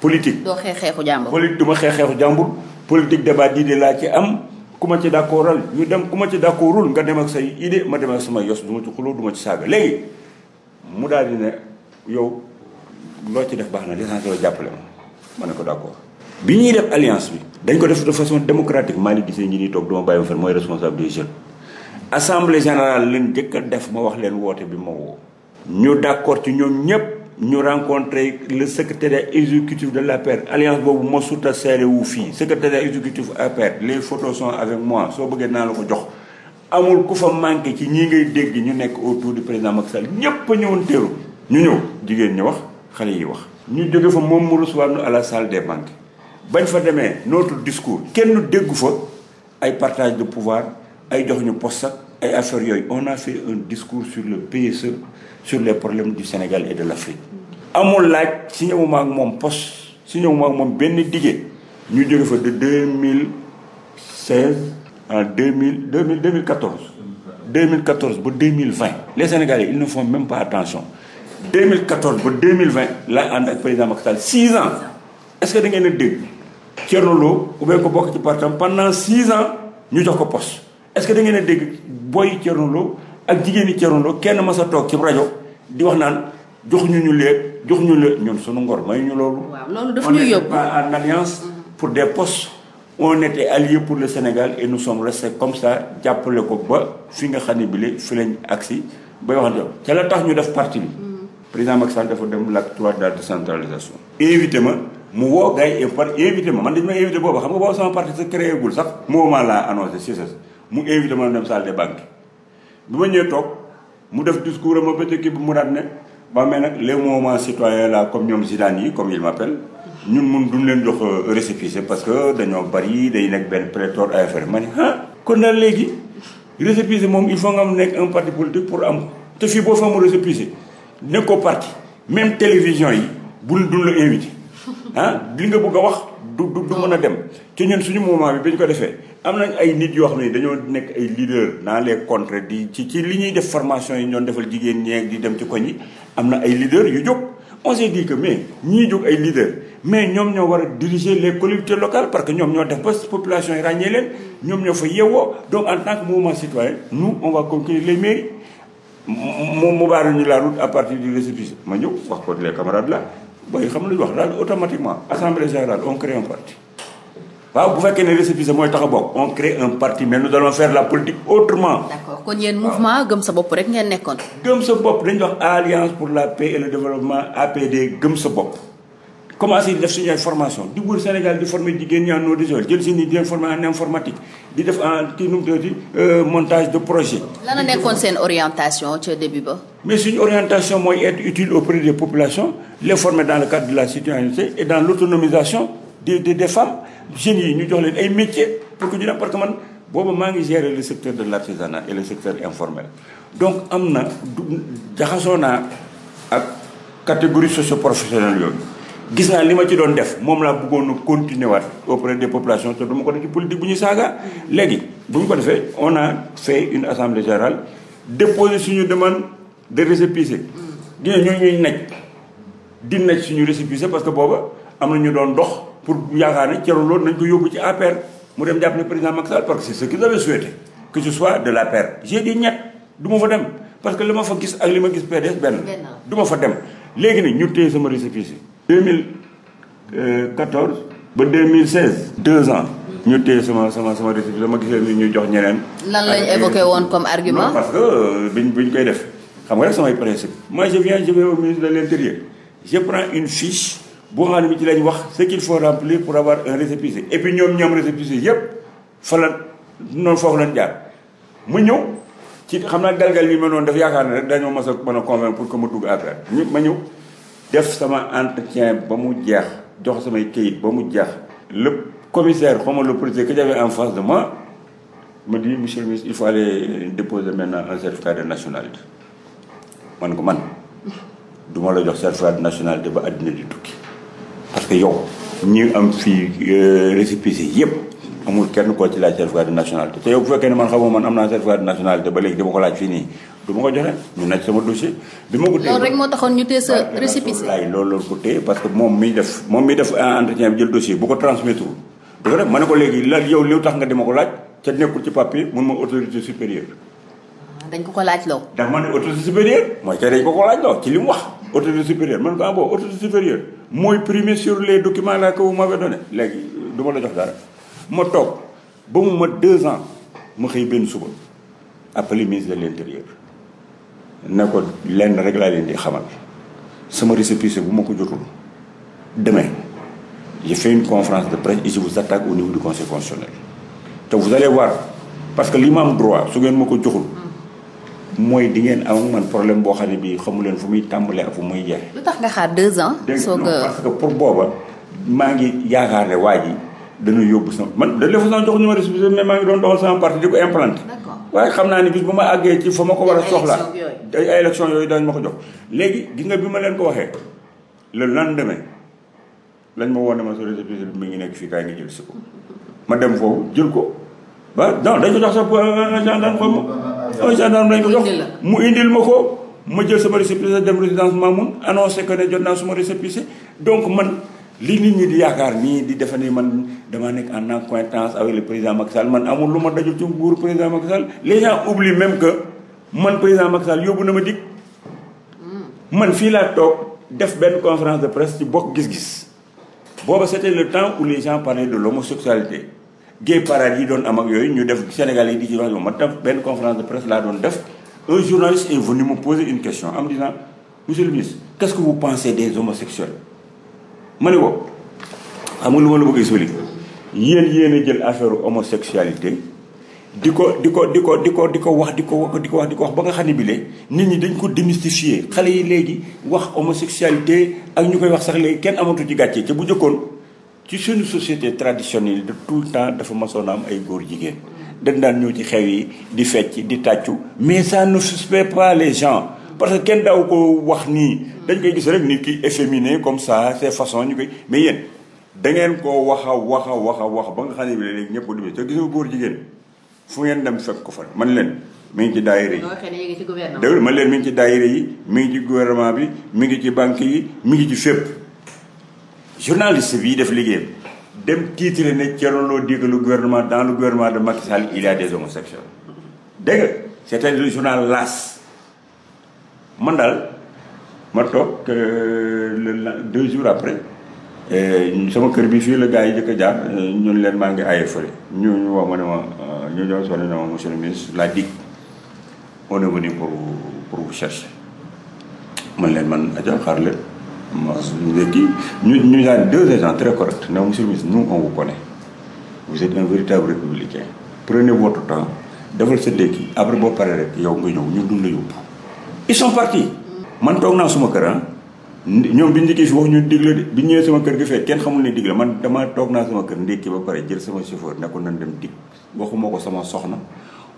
politique. doo xeex xeexu jàmbur politique du ma xeex xeexu jàmbur politique débat d'idée laa ci am ku ma ci d'accordal ñu dem ku ma ci d'accordul nga dem ak say idée ma dem ak sama yos du ma ci xuloo du ci saaga léegi mu daal di ne yow loo ci def baax na l'essentiel jàppale ma ma ne ko d'accord. bi ñuy def alliance bi dañ ko def de façon démocratique maa ngi gisee ñi ñuy toog duma bàyyi ma fen mooy responsable des jeunes assemblée générale leen jëkk def ma wax leen woote bi ma ñu d'accord ci ñëpp. ñu rencontre le secrétaire exécutif de la l'APR alliance boobu ma suta seere wu fii secrétaire exécutif APR les photos sont avec moi soo bëggee naa la ko jox amul ku fa manqué ci ñi ngay dégg ñu nekk autour du président Macky Sall ñépp a ñëwoon teeru ñu ñëw jigéen ñu wax xale yi wax ñu jóge fa moom mu recevoir nu à la salle des banques bañ fa demee notre discours kenn déggu fa ay partage de pouvoir ay jox ñu poste ay affaires yooyu on a fait un discours sur le PSE sur les problème du Sénégal et de l'Afrique amul laaj si ñëw ma ak moom poste si ñëw ma ak moom benn dige ñu jóge fa de 2016 en 2000 2000 2014 2014 ba 2020 les Sénégalais ils ne font même pas attention 2014 ba 2020 laa ànd ak président Macky Sall 6 ans est-ce que ngeen a dégg Thierno Lo ubbee ko bokk ci partam pendant 6 ans ñu jox ko poste est que da ngeen a dégg booy Thierno ak jigéeni Thierno Lo kenn mës a toog ci rajo di wax naan jox ñu ñu léeg jox ñu léeg ñun suñu ngor may ñu loolu. waaw loolu daf ñuy yóbbu on était en alliance mm-hmm. pour des postes. on pour le Sénégal et nous sommes comme ça jàppale ko ba fi nga xam ne bile fi lañ agsi bay wax ak la tax ñu def parti bi. Mm-hmm. président Macky Sall dafa dem l'acte trois de la décentralisation. invité mu woo gars yi par man dañu ma invité boobu xam nga boobu sama parti sa créé gul sax. moment laa annoncé CICES. mu invité ma dem salle des banques bi ma ñëwee toog mu def discours am ma ba kii bi mu daat ne ba mais nag les mouvements citoyens là comme ñoom Zidane yi comme il m'appelle ñun mun duñ leen jox euh, récépissé parce que dañoo bari day nekk benn prétoire affaire ma ne ah, kon nag léegi récépissé moom il faut nga am nekk un parti politique pour am te fii boo fa mu récépissé nekkoo parti même télévision yi bu du la invité ah li nga bugg a wax du du mën a dem te ñun suñu mouvement bi bi ñu ko defee am nañ ay nit yoo xam ne dañoo nekk ay leader dans les contrées di ci ci li ñuy def formation yi ñoon defal jigéen ñee di dem ci koñ yi am na ay leader yu jóg on s'est dit que mais ñii jóg ay leader mais ñoom ñoo war a diriger les collectivités locales parce que ñoom ñoo def ba population yi ràññee leen ñoom ñoo fa yewoo donc en tant que mouvement citoyen nous on va conquérir les mairies moom mu baari ñu la route à partir du récépissé ma ñëw wax ko les camarades là booy xam lu wax daal automatiquement assemblée générale on crée un waaw bu fekkee ne récépissé mooy tax a bokk on crée un parti mais nous allons faire la politique autrement. d'accord kon yéen mouvement gëm sa bopp rek ngeen nekkoon. gëm sa bopp dañuy wax alliance pour la paix et le développement APD gëm bopp. commencé di def suñu ay formation di wër Sénégal di former jigéen ñi en eaux jël si ni di leen former en informatique di def en kii nu mu euh, montage de projet. lan nekkoon seen orientation ca début ba. mais suñu orientation mooy être utile auprès des populations le cadre de la citoyenneté et dans l'autonomisation de des des femmes jeunes yi ñu jox leen ay métiers pour que ñu dem parce que man booba maa ngi gérer le secteur de l' artisanat et le secteur informel. donc am na jaxasoo naa ak catégorie socio-professionnelle yooyu gis naa li ma ci doon def moom laa bëggoon a continuer waat auprès des populations te duma ko def ci politique bu ñu saaga. léegi bu ñu ko defee on a fait une assemblée générale déposer suñu demande de récépissé. dina ñooñu ñuy naj di naj suñu récépissé parce que booba am na ñu doon dox. pour yaakaar ne Thierno loolu nañ ko yóbbu ci APR mu dem jàpp ne président Macky Sall parce que c'est ce qu'ils avaient souhaité que ce soit de l'APR j'ai dit ñett du ma fa dem parce que li ma fa gis ak li ma gis PDS benn du ma fa dem léegi nag ñu téye sama récépissé 2014 ba 2016 deux ans ñu téye sama sama sama récépissé ma gisee ni ñu jox ñeneen lan lañ évoqué woon comme argument parce que euh, biñ biñ koy def xam nga rek samay principe moi je viens je vais au ministre de l'intérieur je prends une fiche bu xam ne ci lañ wax ce qu'il faut remplir pour avoir un récépissé et ñoom ñoom récépissé yëpp fa la noonu foofu lañ jaar mu ñëw ci xam naa galgal bi ma noonu daf yaakaar ne rek dañoo mas a mën a convaincre pour que ma dugg après ma ñëw def sama entretien ba mu jeex jox samay kayit ba mu jeex le commissaire xaw ma le président que en face de moi ma di monsieur le ministre il faut aller déposer maintenant un certificat nationalité man ko man duma la jox certificat de nationalité que yow ñi am fii euh, récépissé yëpp amul kenn koo ci laaj certificat te yow bu fekkee ne man xamoo man am naa certificat de nationalité ba léegi dama ko laaj fii nii du ma ko joxe ñu nekk sama dossier. bi ma ko téye loolu ñu téye sa récépissé. loolu ko parce que moom miy def moom miy def entretien bi jël dossier bu ko transmettre dafa def ma ne ko léegi la yow li tax nga di ma ko laaj ca nekkul ci papier mun ma autorité supérieure. Ah, dañ ko ko laaj loo. ndax man autorité supérieure mooy kay dañ ko ko laaj loo ci li mu wax. autorité supérieure man ko ah bon autorité supérieure mooy primé sur les documents là que vous m'avez donné léegi du ma la jox dara ma toog ba mu ma deux ans ma xëy benn suba appelé ministre de l'intérieur ne lenn rek laa leen di xamal sama récépissé bu ma ko jotul deme j'ai fait une conférence de presse et je vous attaque au niveau du conseil constitutionnel te vous allez voir parce que li ma am droit su ngeen ma ko joxul mooy di ngeen am ak man problème boo xam ne bii xamu leen fu muy tàmbalee ak fu muy jeex. lu tax nga xaar deux ans. soo ko pour booba maa ngi yaakaar ne waa ji dana yóbbu sama man de la façon ko implanté. waaye xam naa ne bis bu ma àggee ma ko war a soxla ay élection yooyu dañ ma ko jox léegi gis nga ma leen ma woon ne ma sa récépissé mi ngi nekk fii kaay nga jël si ko ma dem foofu jël ko un gendarme lañ ko jox mu indil ma ko ma jël sama récépissé dem résidence Mamoun annoncé que ne jot naa suma récépissé donc man li nit ñi di yaakaar nii di defe ni man dama nekk en accointance avec le président Macky man amul lu ma dajul ci nguuru président Macky Sall les gens oublient même que man président Macky Sall yóbbu na ma dikk hmm. man fii laa toog def benn conférence de presse ci bokk gis-gis booba c'était le temps où les gens parlaient de l'homosexualité gay parade yi doon am ak yooyu ñu def Sénégal yi di ci wax ma tam benn conférence de presse laa doon def un journaliste est venu me poser une question en me disant monsieur le ministre qu'est-ce des homosexuels ma ne ko xam nga lu ma la bëgg expliquer yéen yéen a jël affaire homosexualité di ko di ko di ko di ko di ko wax di ko di ko wax di ko wax ba nga xam ne bi nit ñi dañ ko démystifier xale yi léegi wax homosexualité ak ñu koy wax sax léegi kenn amatu ci gàcce bu njëkkoon ci suñu société traditionnelle de tout le temps dafa masoon am ay góor jigéen dañ daan ñëw ci xew yi di fecc di tàccu mais ça ne suspecte pas les gens parce que kenn daaw ko wax nii dañ koy gis rek nit ki efféminé comme ça c'est façon ñu koy mais yéen da ngeen koo wax a wax a wax ba nga xam ne bi léegi ñëpp di te gis nga góor jigéen fu ngeen dem fekk ko fa man leen mi ngi ci daayira yi déglu mi ngi ci daayira yi mi ngi ci gouvernement bi mi ngi ci banque yi mi ngi ci fépp journaliste bii def liggéey dem titre ne Thierno Lo dit que le gouvernement dans le gouvernement de Macky Sall il y a des homosexuels dégg nga c'était le journal L'As man daal ma toog euh, le deux jours après euh, sama kër bii fii la gars yi jëkk a jaar euh, ñun leen maa ngi aye fële ñu ñu woo ma ne ma ñu ñoo soo ne ma monsieur le ministre la DIC on pour pour vous man leen man aja xaar leen Nous, nous avons deux agents très corrects. Non, monsieur le ministre, nous, ko vous connaît. Vous êtes un véritable républicain. Prenez votre temps. defal sa dékki après boo paree rek yow nga ñëw ñu dund la yóbbu. ils sont partis. man toog naa suma kër ah. ñoom bi ñu gis wax ñu digle de bi ñëwee sama kër gi fekk kenn xamul ne digle man dama toog naa sama kër ndékki ba pare jël sama chauffeur ne ko nan dem dig waxuma ko sama soxna.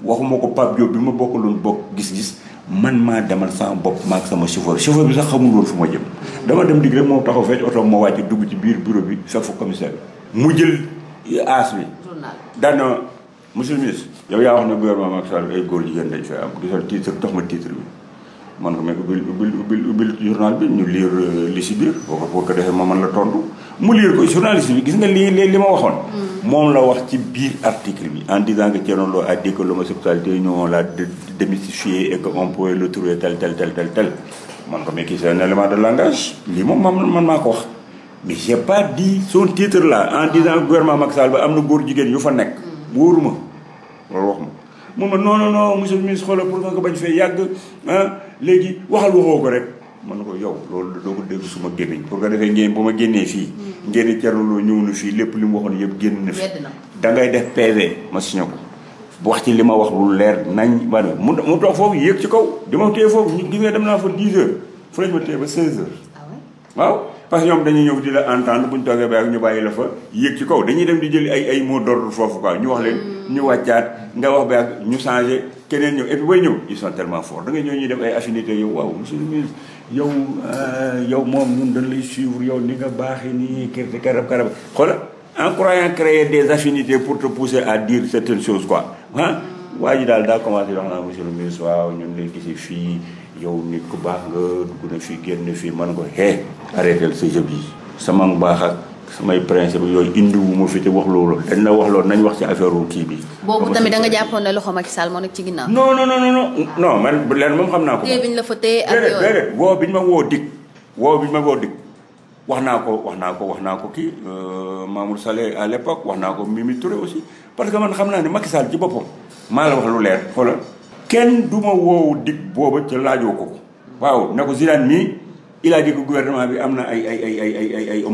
waxuma ko Pape Diop bi ma bokk bokkaloon bokk gis-gis man maa demal sama bopp maag sama chauffeur chauffeur bi sax xamul woon fu ma jëm dama dem digg rek moom taxaw fecc oto ma wàcc dugg ci biir bureau bi fekk fa commissaire bi mu jël aas bi daana monsieur le ministre yow yaa wax ne gouvernement Macky Sall ay góor jigéen dañ fay am gisal titre jox ma titre bi man ko mais ubbil ubbil ubbil ubbil journal bi ñu lire euh, li si biir boo ko boo ko defee ma man la tontu mu liir ko journaliste bi gis nga lii li ma waxoon. moom la wax ci biir article bi en disant que Thierno Lo a dit que l'homosexualité nous l'a démystifié et que on pouvait trouver tel tel tel tel tel man ko mais kii c'est de langage lii moom man maa ko wax. mais j'ai pas dit son titre là en disant gouvernement Macky saal ba am na góor jigéen yu fa nekk. wóoruma loolu wax ma. mun ma non non non monsieur le ministre xoolal pour nga ko bañ fee yàgg léegi waxal waxoo ko rek. mën na ko yow loolu doo ko dégg suma gémmiñ pour nga defee ngeen bu ma génnee fii hmm. ngeen Thierno Lo ñëw na fii lépp li mu waxoon yëpp génn na da ngay def PV ma signé ci li ma wax leer nañ ma ne mu mu toog foofu yéeg ci kaw di ma téye foofu ñu dem naa fa 10 heures ba 16 ah waaw parce que ñoom dañuy ñëw di la entendre bu ñu toogee ba ñu bàyyi la fa yéeg ci kaw dañuy dem di jëli ay ay mots d'ordre foofu quoi ñu wax leen hmm. ñu wàccaat nga wax ak ñu changé keneen ñëw et puis bay ñëw da ngay ñëw ñuy def ay affinités yow waaw monsieur le ministre yow euh, yow moom ñun dañ lay suivre yow ni nga baaxi nii kii karab karab xoola en croyant créer des affinités pour te pousser à dire certaines choses quoi ah waa ji daal daa commencé wax naa monsieur le ministre waaw ñun lay gisee fii yow nit ku baax nga dugg na fii génn fii man ko hee arrêtel sa jëb yi sama baax ak samay principe yooyu indi wu ma fi te wax loolu dañ na wax loolu nañ wax ci affaire kii bi. boobu tamit da nga jàppoon ne loxo Macky Sall moo nekk ci ginnaaw. non moom xam naa ko. téye bi ñu fa téye ak yooyu bi ñu ma woo dikk woo bi ñu ma wax naa ko wax naa ko wax naa ko kii euh, Mamour Saleh à l'époque wax naa ko Mimi Touré aussi parce que man xam naa ni Macky Sall ci boppam maa la wax lu leer xoolal kenn du ma woowu dikk booba ca laajoo ko ko waaw na ko Zidane mii i a dit que bi am na ay ay ay ay ay ay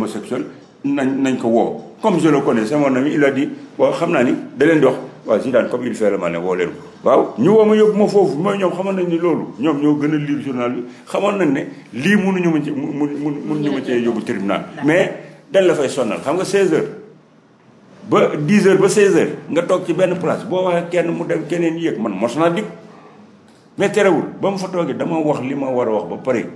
nañ nañ ko woo comme je le connais c'est mon ami il a dit waaw xam naa ni daleen leen di wax daan Zidane comme il fait le malin woo leen ko waaw ñu woo ma yóbbu ma foofu mooy ñoom xamoon nañ ni loolu ñoom ñoo gën a lire journal bi xamoon nañ ne lii munu ma mu mun mënuñu ma cee yóbbu tribunal mais dañ la fay sonnal xam nga 16 heures ba 10 heures ba 16 heures nga toog ci benn place boo waxee kenn mu dem keneen yéeg man mos naa dikk mais terewul ba mu fa toogee dama wax li ma war a wax ba pare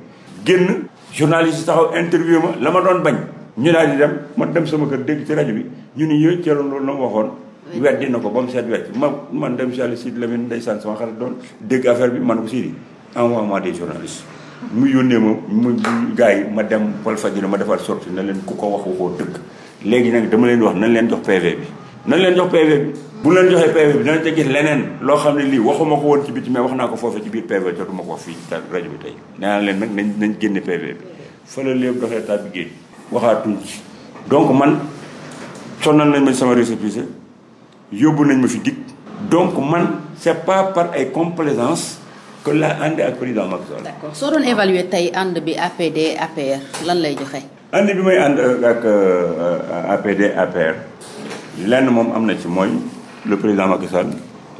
génn journaliste yi taxaw interview ma la ma doon bañ ñu daal di dem man dem sama kër dégg ci rajo bi ñu ni yooyu ceeroon loolu na mu waxoon weddi na ko ba mu seet wecc man man dem si àll Sidi Lamine ndeysaan sama xarit doon dégg affaire bi man ko Sidi envoie moi des journalistes mu yónnee ma mu gars yi ma dem Walfadjri ma defal sorti na leen ku ko wax waxoo dëgg léegi nag dama leen wax nañ leen jox PV bi nañ leen jox PV bi bu leen joxee PV bi danañ ca gis leneen loo xam ne lii waxuma ko woon ci biti mais wax naa ko foofee ci biir PV jotuma ko wax fii rajo bi tey nee naa leen nag nañ nañ génne PV bi fa la léeb doxee tàbbi géej waxaatuñ ci donc man sonnal nañ ma sama récépissé yóbbu nañ ma fi dikk donc man c'est pas par ay complaisance que la ànd ak président Macky Sall. d'accord soo doon évaluer tey ànd bi APD APR lan lay joxe. ànd bi may ànd euh, ak euh, APD APR lenn moom am na ci mooy le président Macky Sall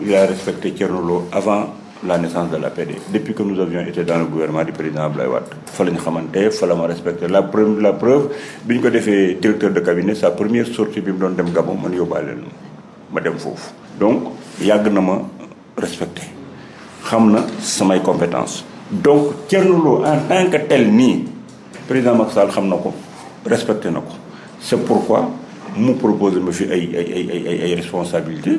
il a respecté Thierno avant. la naissance de la PD depuis que nous avions été dans le gouvernement du président Abdoulaye Wade fa lañ xamante fa la ma respecté la preuve la preuve bi ñu ko defee directeur de cabinet sa première sortie bi mu doon dem Gabon man yóbbaale na ma dem foofu donc yàgg na ma respecté xam na samay compétence donc Thierno Lo en tant que tel nii président Macky Sall xam na ko respecté na ko c'est pourquoi mu proposé ma fi ay ay ay ay ay responsabilité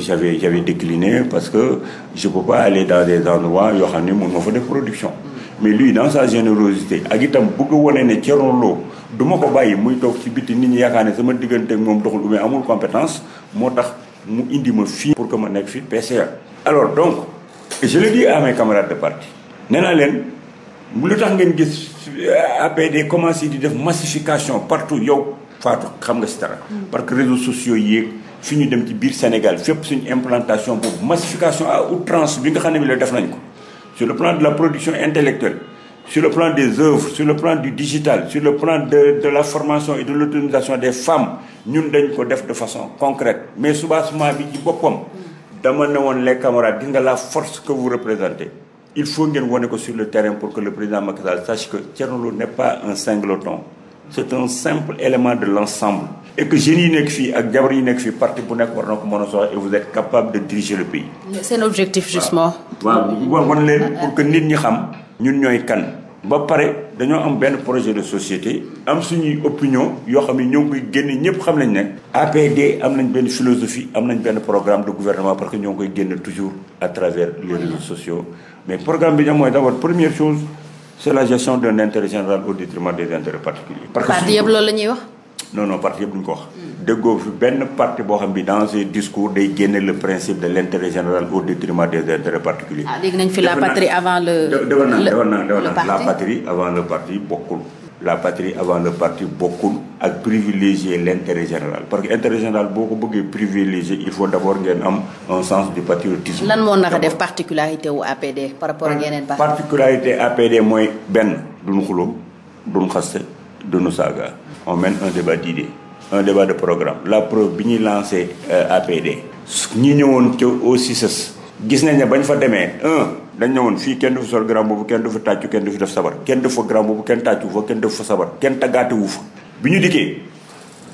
j'avais j'avais décliné parce que je peux pas aller dans des endroits yoo xam ne mun ma fa def production mais lui dans sa générosité ak itam bëgg a ne Thierno Lo ma ko bàyyi muy toog ci biti nit ñi yaakaar ne sama diggante ak moom doxul mais amul compétence moo tax mu indi ma fii pour que ma nekk fii PCA alors donc je le dis à mes camarades de parti nee naa leen lu tax ngeen gis de commencé di def massification partout yow Fatou xam nga si dara mm. fi ñu dem ci biir Sénégal fépp suñu implantation boobu massification à outrance bi nga xam ne bi la def nañ ko sur le plan de la production intellectuelle sur le plan des œuvres sur le plan du digital sur le plan de de la formation et de l'autonomisation des femmes ñun dañ ko def de façon concrète mais soubassement bi ñu boppam dama ne woon les camarades gis nga la force que vous représentez il faut ngeen wane ko sur le terrain pour que le président Macky Sall sache que Thierno Lo n'est pas un singleton c'est un simple et que yi nekk fii ak jabar yi nekk fii parti bu nekk war na ko mën a soxla et vous êtes capable de diriger le pays. seen objectif justement. waaw waaw wan leen pour que nit ñi xam. ñun ñooy kan. ba pare dañoo am benn projet de société am suñuy opinion yoo xam ne ñoo ngi koy génne ñëpp xam nañ ne. APD am nañ benn philosophie am nañ benn programme de gouvernement parce que ñoo ngi koy génne toujours à travers les réseaux sociaux mais programme bi ñu mooy d'abord première la gestion d'un intérêt général au détriment des intérêts particuliers. parce ñuy wax. non non parti yëpp duñ ko wax. déggoo fi benn parti boo xam bi dans ce discours day génne le principe de l' intérêt général au détriment des intérêts particuliers. ah dégg le. defoon naa defoon naa defoon naa parti bokkul. la patrie avant le parti bokkul ak privilégier l' général parce que intérêt général boo ko bëggee privilégier il faut d' abord ngeen am un sens du patriotisme. lan moo naka def particularité wu APD. particularité APD mooy benn duñ xuloo duñ xaste de nos sagas on mène un débat d'idées un débat de programme la preuve bi ñuy lancé euh, APD ñi ñëwoon ca au CICES gis nañ ne bañ fa demee un dañ ñëwoon fii kenn du sol grand boobu kenn du fa tàccu kenn du fi def sabar kenn du fa grand boobu kenn tàccu fa kenn du fa sabar kenn taggaate wu fa bi ñu dikkee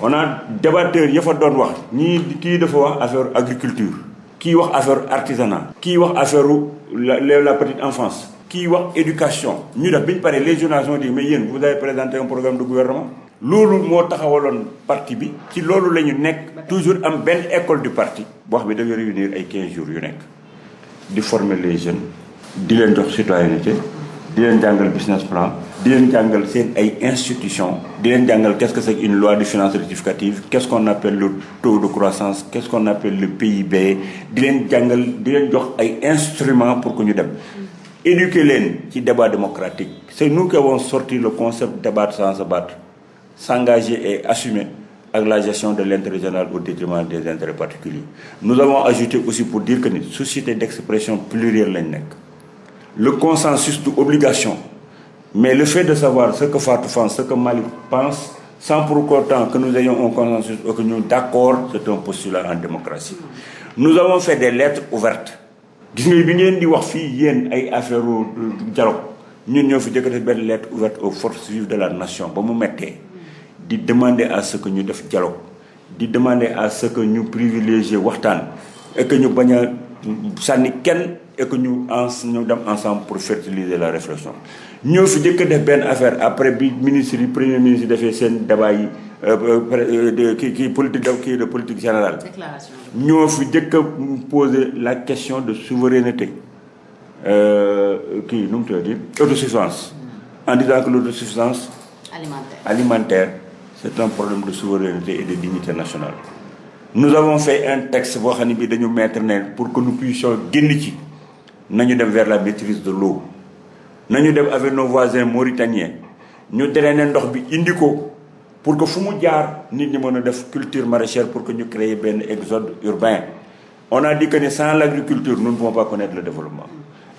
on a débatteur ya fa doon wax ñii kii dafa wax affaire agriculture kii wax affaire artisanat kii wax affaire la la petite enfance kii wax éducation ñu def bi ñu paree les journalistes ont dit mais yéen vous avez présenté un programme de gouvernement loolu moo taxawaloon parti bi ci loolu la ñu nekk toujours am benn école du parti boo bi ne dafay réunir ay 15 jours yu nekk di former les jeunes di leen jox citoyenneté di leen jàngal business plan di leen jàngal seen ay institution di leen jàngal qu'est-ce que c'est une loi de finances rectificative qu'est-ce qu'on appelle le taux de croissance qu'est-ce qu'on appelle le di leen jàngal di leen jox ay instruments pour ñu dem éduquer leen ci débat démocratique c'est nous qui avons sorti le concept débattre sans se battre s'engager et assumer ak la gestion de l'intérêt général au détriment des intérêts particuliers nous avons ajouté aussi pour dire que ni société d'expression plurielle lañ nekk le consensus de obligation mais le fait de savoir ce que Fatou pense ce que Malick pense sans pour autant que nous ayons un consensus ou d'accord c'est un postulat en démocratie nous avons fait gis nga bi ngeen di wax fii yéen ay affaire dialogue ñun ñoo fi jëkk def benn lettre ouverte aux forces vives de la nation ba mu mettee di demander à ce ñu def dialogue di demander à ce que ñu privilégier waxtaan et que ñu bañ a sànni kenn et que ñu ens ñu dem ensemble pour fertiliser la réflexion ñoo fi jëkk def benn affaire après bi ministre yi premier ministre yi defee seen débat yi Euh, euh, euh, de ki kii politique daf kii de politique générale. ñoo fi njëkk a la question de souveraineté kii nu mu tuddati autosuffisance. Mm. en disant que l'autosuffisance alimentaire alimentaire c'est un problème de souveraineté et de dignité nationale. nous avons fait un texte boo xam ne bii dañu mettre ne pour que nous puissions génn ci nañu dem vers la maîtrise de l'eau nañu dem avec nos voisins mauritaniens ñu drainer ndox bi indi ko pour que fu mu jaar nit ñi mën a def culture maraîchère pour que ñu créer benn exode urbain on a dit que ne sans l' agriculture nous ne pouvons pas connaître le développement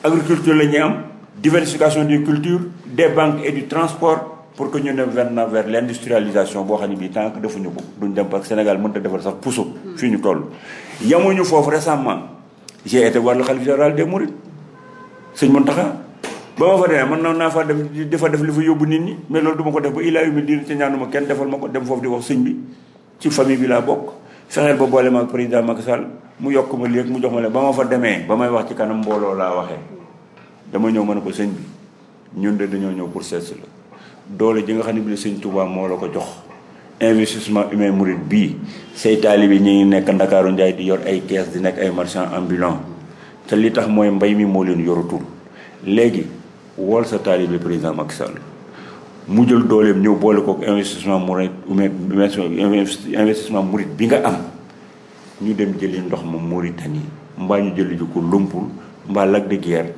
agriculture la ñuy am diversification des cultures des banques et du transport pour que ñu ne maintenant vers l' industrialisation boo xam ne bii tant que defuñu ko duñ dem parce que Sénégal mënut a defar sax puso fii ñu toll yamuñu foofu récemment j'ai été voir le khalife général des Mourides sëñ Mountakha ba ma fa demee man naa fa dem di fa def li fa yóbbu nit ñi mais loolu duma ko def ba ilaa yu mi diir te ñaanuma kenn defal ma ko dem foofu di wax sëñ bi ci famille bi laa bokk fexeel ba boole ma ak président Macky Sall mu yokk ma léegi mu jox ma leen ba ma demee ba may wax ci kanam mbooloo laa waxee dama ñëw mën a ko sëñ bi ñun de dañoo ñëw pour seet doole ji nga xam ne bi la moo la ko jox investissement humain murit bii say taalibe ñi ngi nekk Ndakaaru Njaay di yor ay kees di nekk ay marchand ambulant te li tax mooy mbay mi moo leen yorutul léegi wool sa taalibe président Macky Sall mu jël dooleem ñëw boole kook investissement murit investissement murit bi nga am ñu dem jëli ndox ma tani mbaa ñu jëli ju ko mbaa Lac de Guiers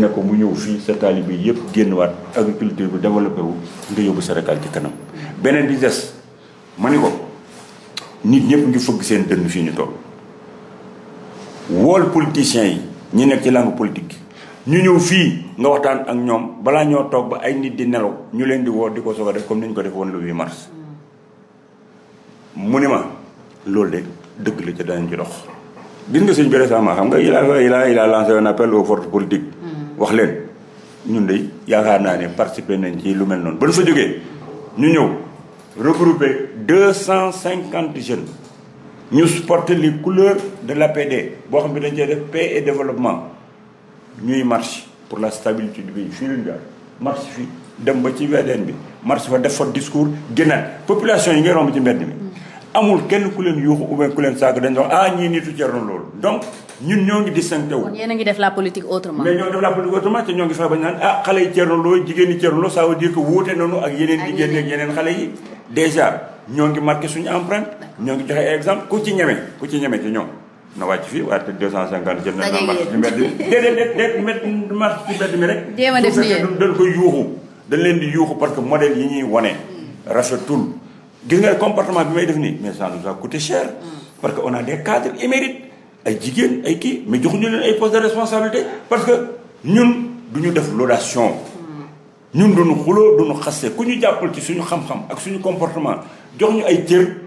na ko mu ñëw fii sa taalibe yëpp génn waat agriculture bi développé wu nga yóbbu Sénégal ci kanam beneen di des ma ni ko nit ñëpp ngi fëgg seen dënn fii ñu toll wool politiciens yi ñu nekk ci langue politique ñu ñëw fii nga waxtaan ak ñoom balaa ñoo toog ba ay nit di nelaw ñu leen di woo di ko soog def comme ni ñu ko def woon le 8 mars mu ni ma loolu de dëgg la ca danañ ci dox gis nga sëñ sax ma xam nga il a il a il a lancé un appel aux forces politiques mm. wax leen ñun de yaakaar naa ne participer nañ ci lu mel noonu ba ñu fa jógee ñu ñëw regrouper deux cent cinquante jeunes ñu porter li couleurs de l'APD boo xam bi dañ cee def paix et développement ñuy march pour la stabilité du pays fii lañ jaar marche fii dem ba ci VDN bi marche fa def fa discours génnaat population yi ngay romb ci mbedd mi. amul kenn ku leen yuuxu ou bien ku leen saako dañu wax ah ñii nitu Thierno loolu donc ñun ñoo ngi distingué wu. kon a ngi def la politique autrement. mais ñoo ngi def ñoo ngi fexe ba ñu naan ah xale yi Thierno Lo jigéen ñi Thierno Lo ça veut dire que wuute nañu ak yeneen jigéen ak yeneen xale yi. déjà ñoo ngi marqué suñu empreinte ñoo ngi joxe exemple ku ci ñeme ku ci ñeme ci ñoom. na wàcc fii waaye te 250 jëm na. marche ci mbedd mi déedéet déet marche ci mbedd mi rek. jéem a def nii dañ koy yuuxu dañ leen di yuuxu parce que modèle yi ñuy wane. Hmm. rafetul gis nga comportement bi may def nii mais ça nous a coûté cher. Hmm. parce que on a des cadres émérites ay jigéen ay kii mais joxuñu leen ay postes de responsabilité parce que ñun du ñu def laudation. Hmm. ñun duñu xuloo duñu xaste ku ñu jàppal ci suñu xam-xam ak suñu comportement jox ñu ay cër.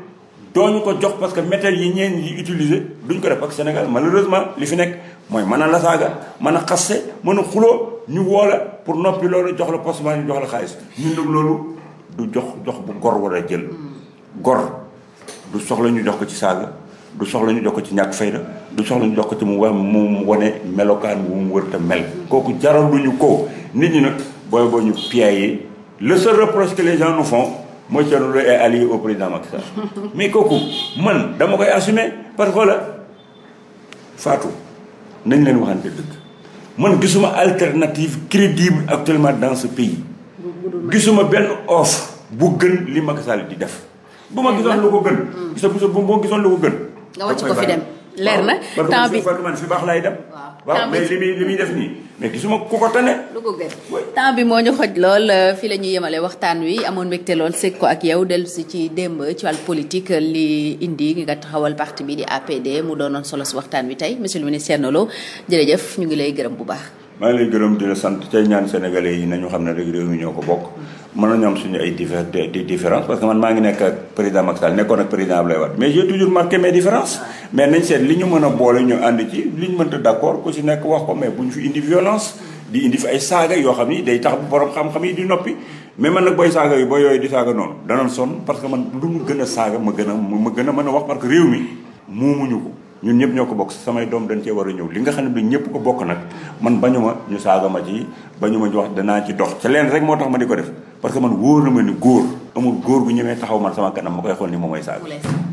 ñu ko jox parce que métal yi ñeen yi utiliser duñ ko def ak sénégal mala malheureusement li fi nekk mooy mën a la saaga mën a xaste man a xuloo ñu woola pour noppi loolu jox la postement ñu jox la xaalis ñu nag loolu du jox jox bu gor war a jël gor du soxla ñu jox ko ci saaga du soxla ñu jox ko ci ñàkk fayda du soxla ñu jox ko ci mu wax mu wane melokaan bu mu wër te mel kooku jaral ko nit ñi nag booy boo ñu piailler le seul reproche les gens n font mooy Thierno Lo est allié au président Macky Sall mais kooku man dama koy assumer parce que la Fatou nañ leen waxante dëgg man gisuma alternative crédible actuellement dans ce pays gisuma benn offre bu gën li Macky Sall di def bu ma gisoon lu ko gën mm. gisa bu gisoon lu ko gën nga wàcc ko fi dem leer na temps bi man fi baax laay dem. waaw mais li muy li muy def nii mais gisuma ku ko tane. ko gën temps bi moo ñu xoj lool fii la ñuy yemale waxtaan wi amoon mbégte lool sëg ko ak yow dellu si ci démb ci wàllu politique li indi nga taxawal parti bi di APD mu doonoon solo si waxtaan wi tey monsieur le ministre Thierno Lo jërëjëf ñu ngi lay gërëm bu baax. maa ngi lay gërëm di la sant tey ñaan sénégalais yi nañu xam ne rek réew mi ñoo ko bokk. mën nañu am suñu ay diffé des différences parce que man maa ngi nekk ak président Macky Sall nekkoon ak président Abdoulaye Wade mais j'ai toujours marqué mes différences mais nañ seet li ñu mën a boole ñu ànd ci li ñu mënta d'accord ku si nekk wax ko mais bu ñu fi indi violence di indi fi ay saaga yoo xam ni day tax borom xam-xam yi di noppi mais man nag booy saaga yi booy yooyu di saaga noonu danoon sonn parce que man lu mu gën a saaga ma gën a ma gën a mën a wax parce que réew mi ko ñun ñëpp ñoo ko bokk samay doom dañ cee war a ñëw li nga xam ne ñëpp ko bokk nag man bañuma ñu saaga ma ci bañuma ñu wax danaa ci dox ca leen rek moo tax ma di ko def na ma ni góor saaga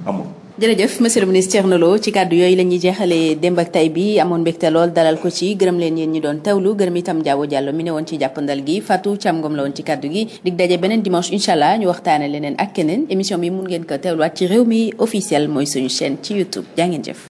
amul jërëjëf monsieur le ministre Thierno ci kàddu yooyu la ñuy jeexalee démb ak tay bi amoon mbégte lool dalal ko ci gërëm leen yéen ñi doon teewlu gërëm itam Diabo Diallo mi ne woon ci jàppandal gi Fatou Thiam Ngom la woon ci kàddu gi dig daje beneen dimanche incha ñu waxtaane ko teewluwaat ci réew mi officiel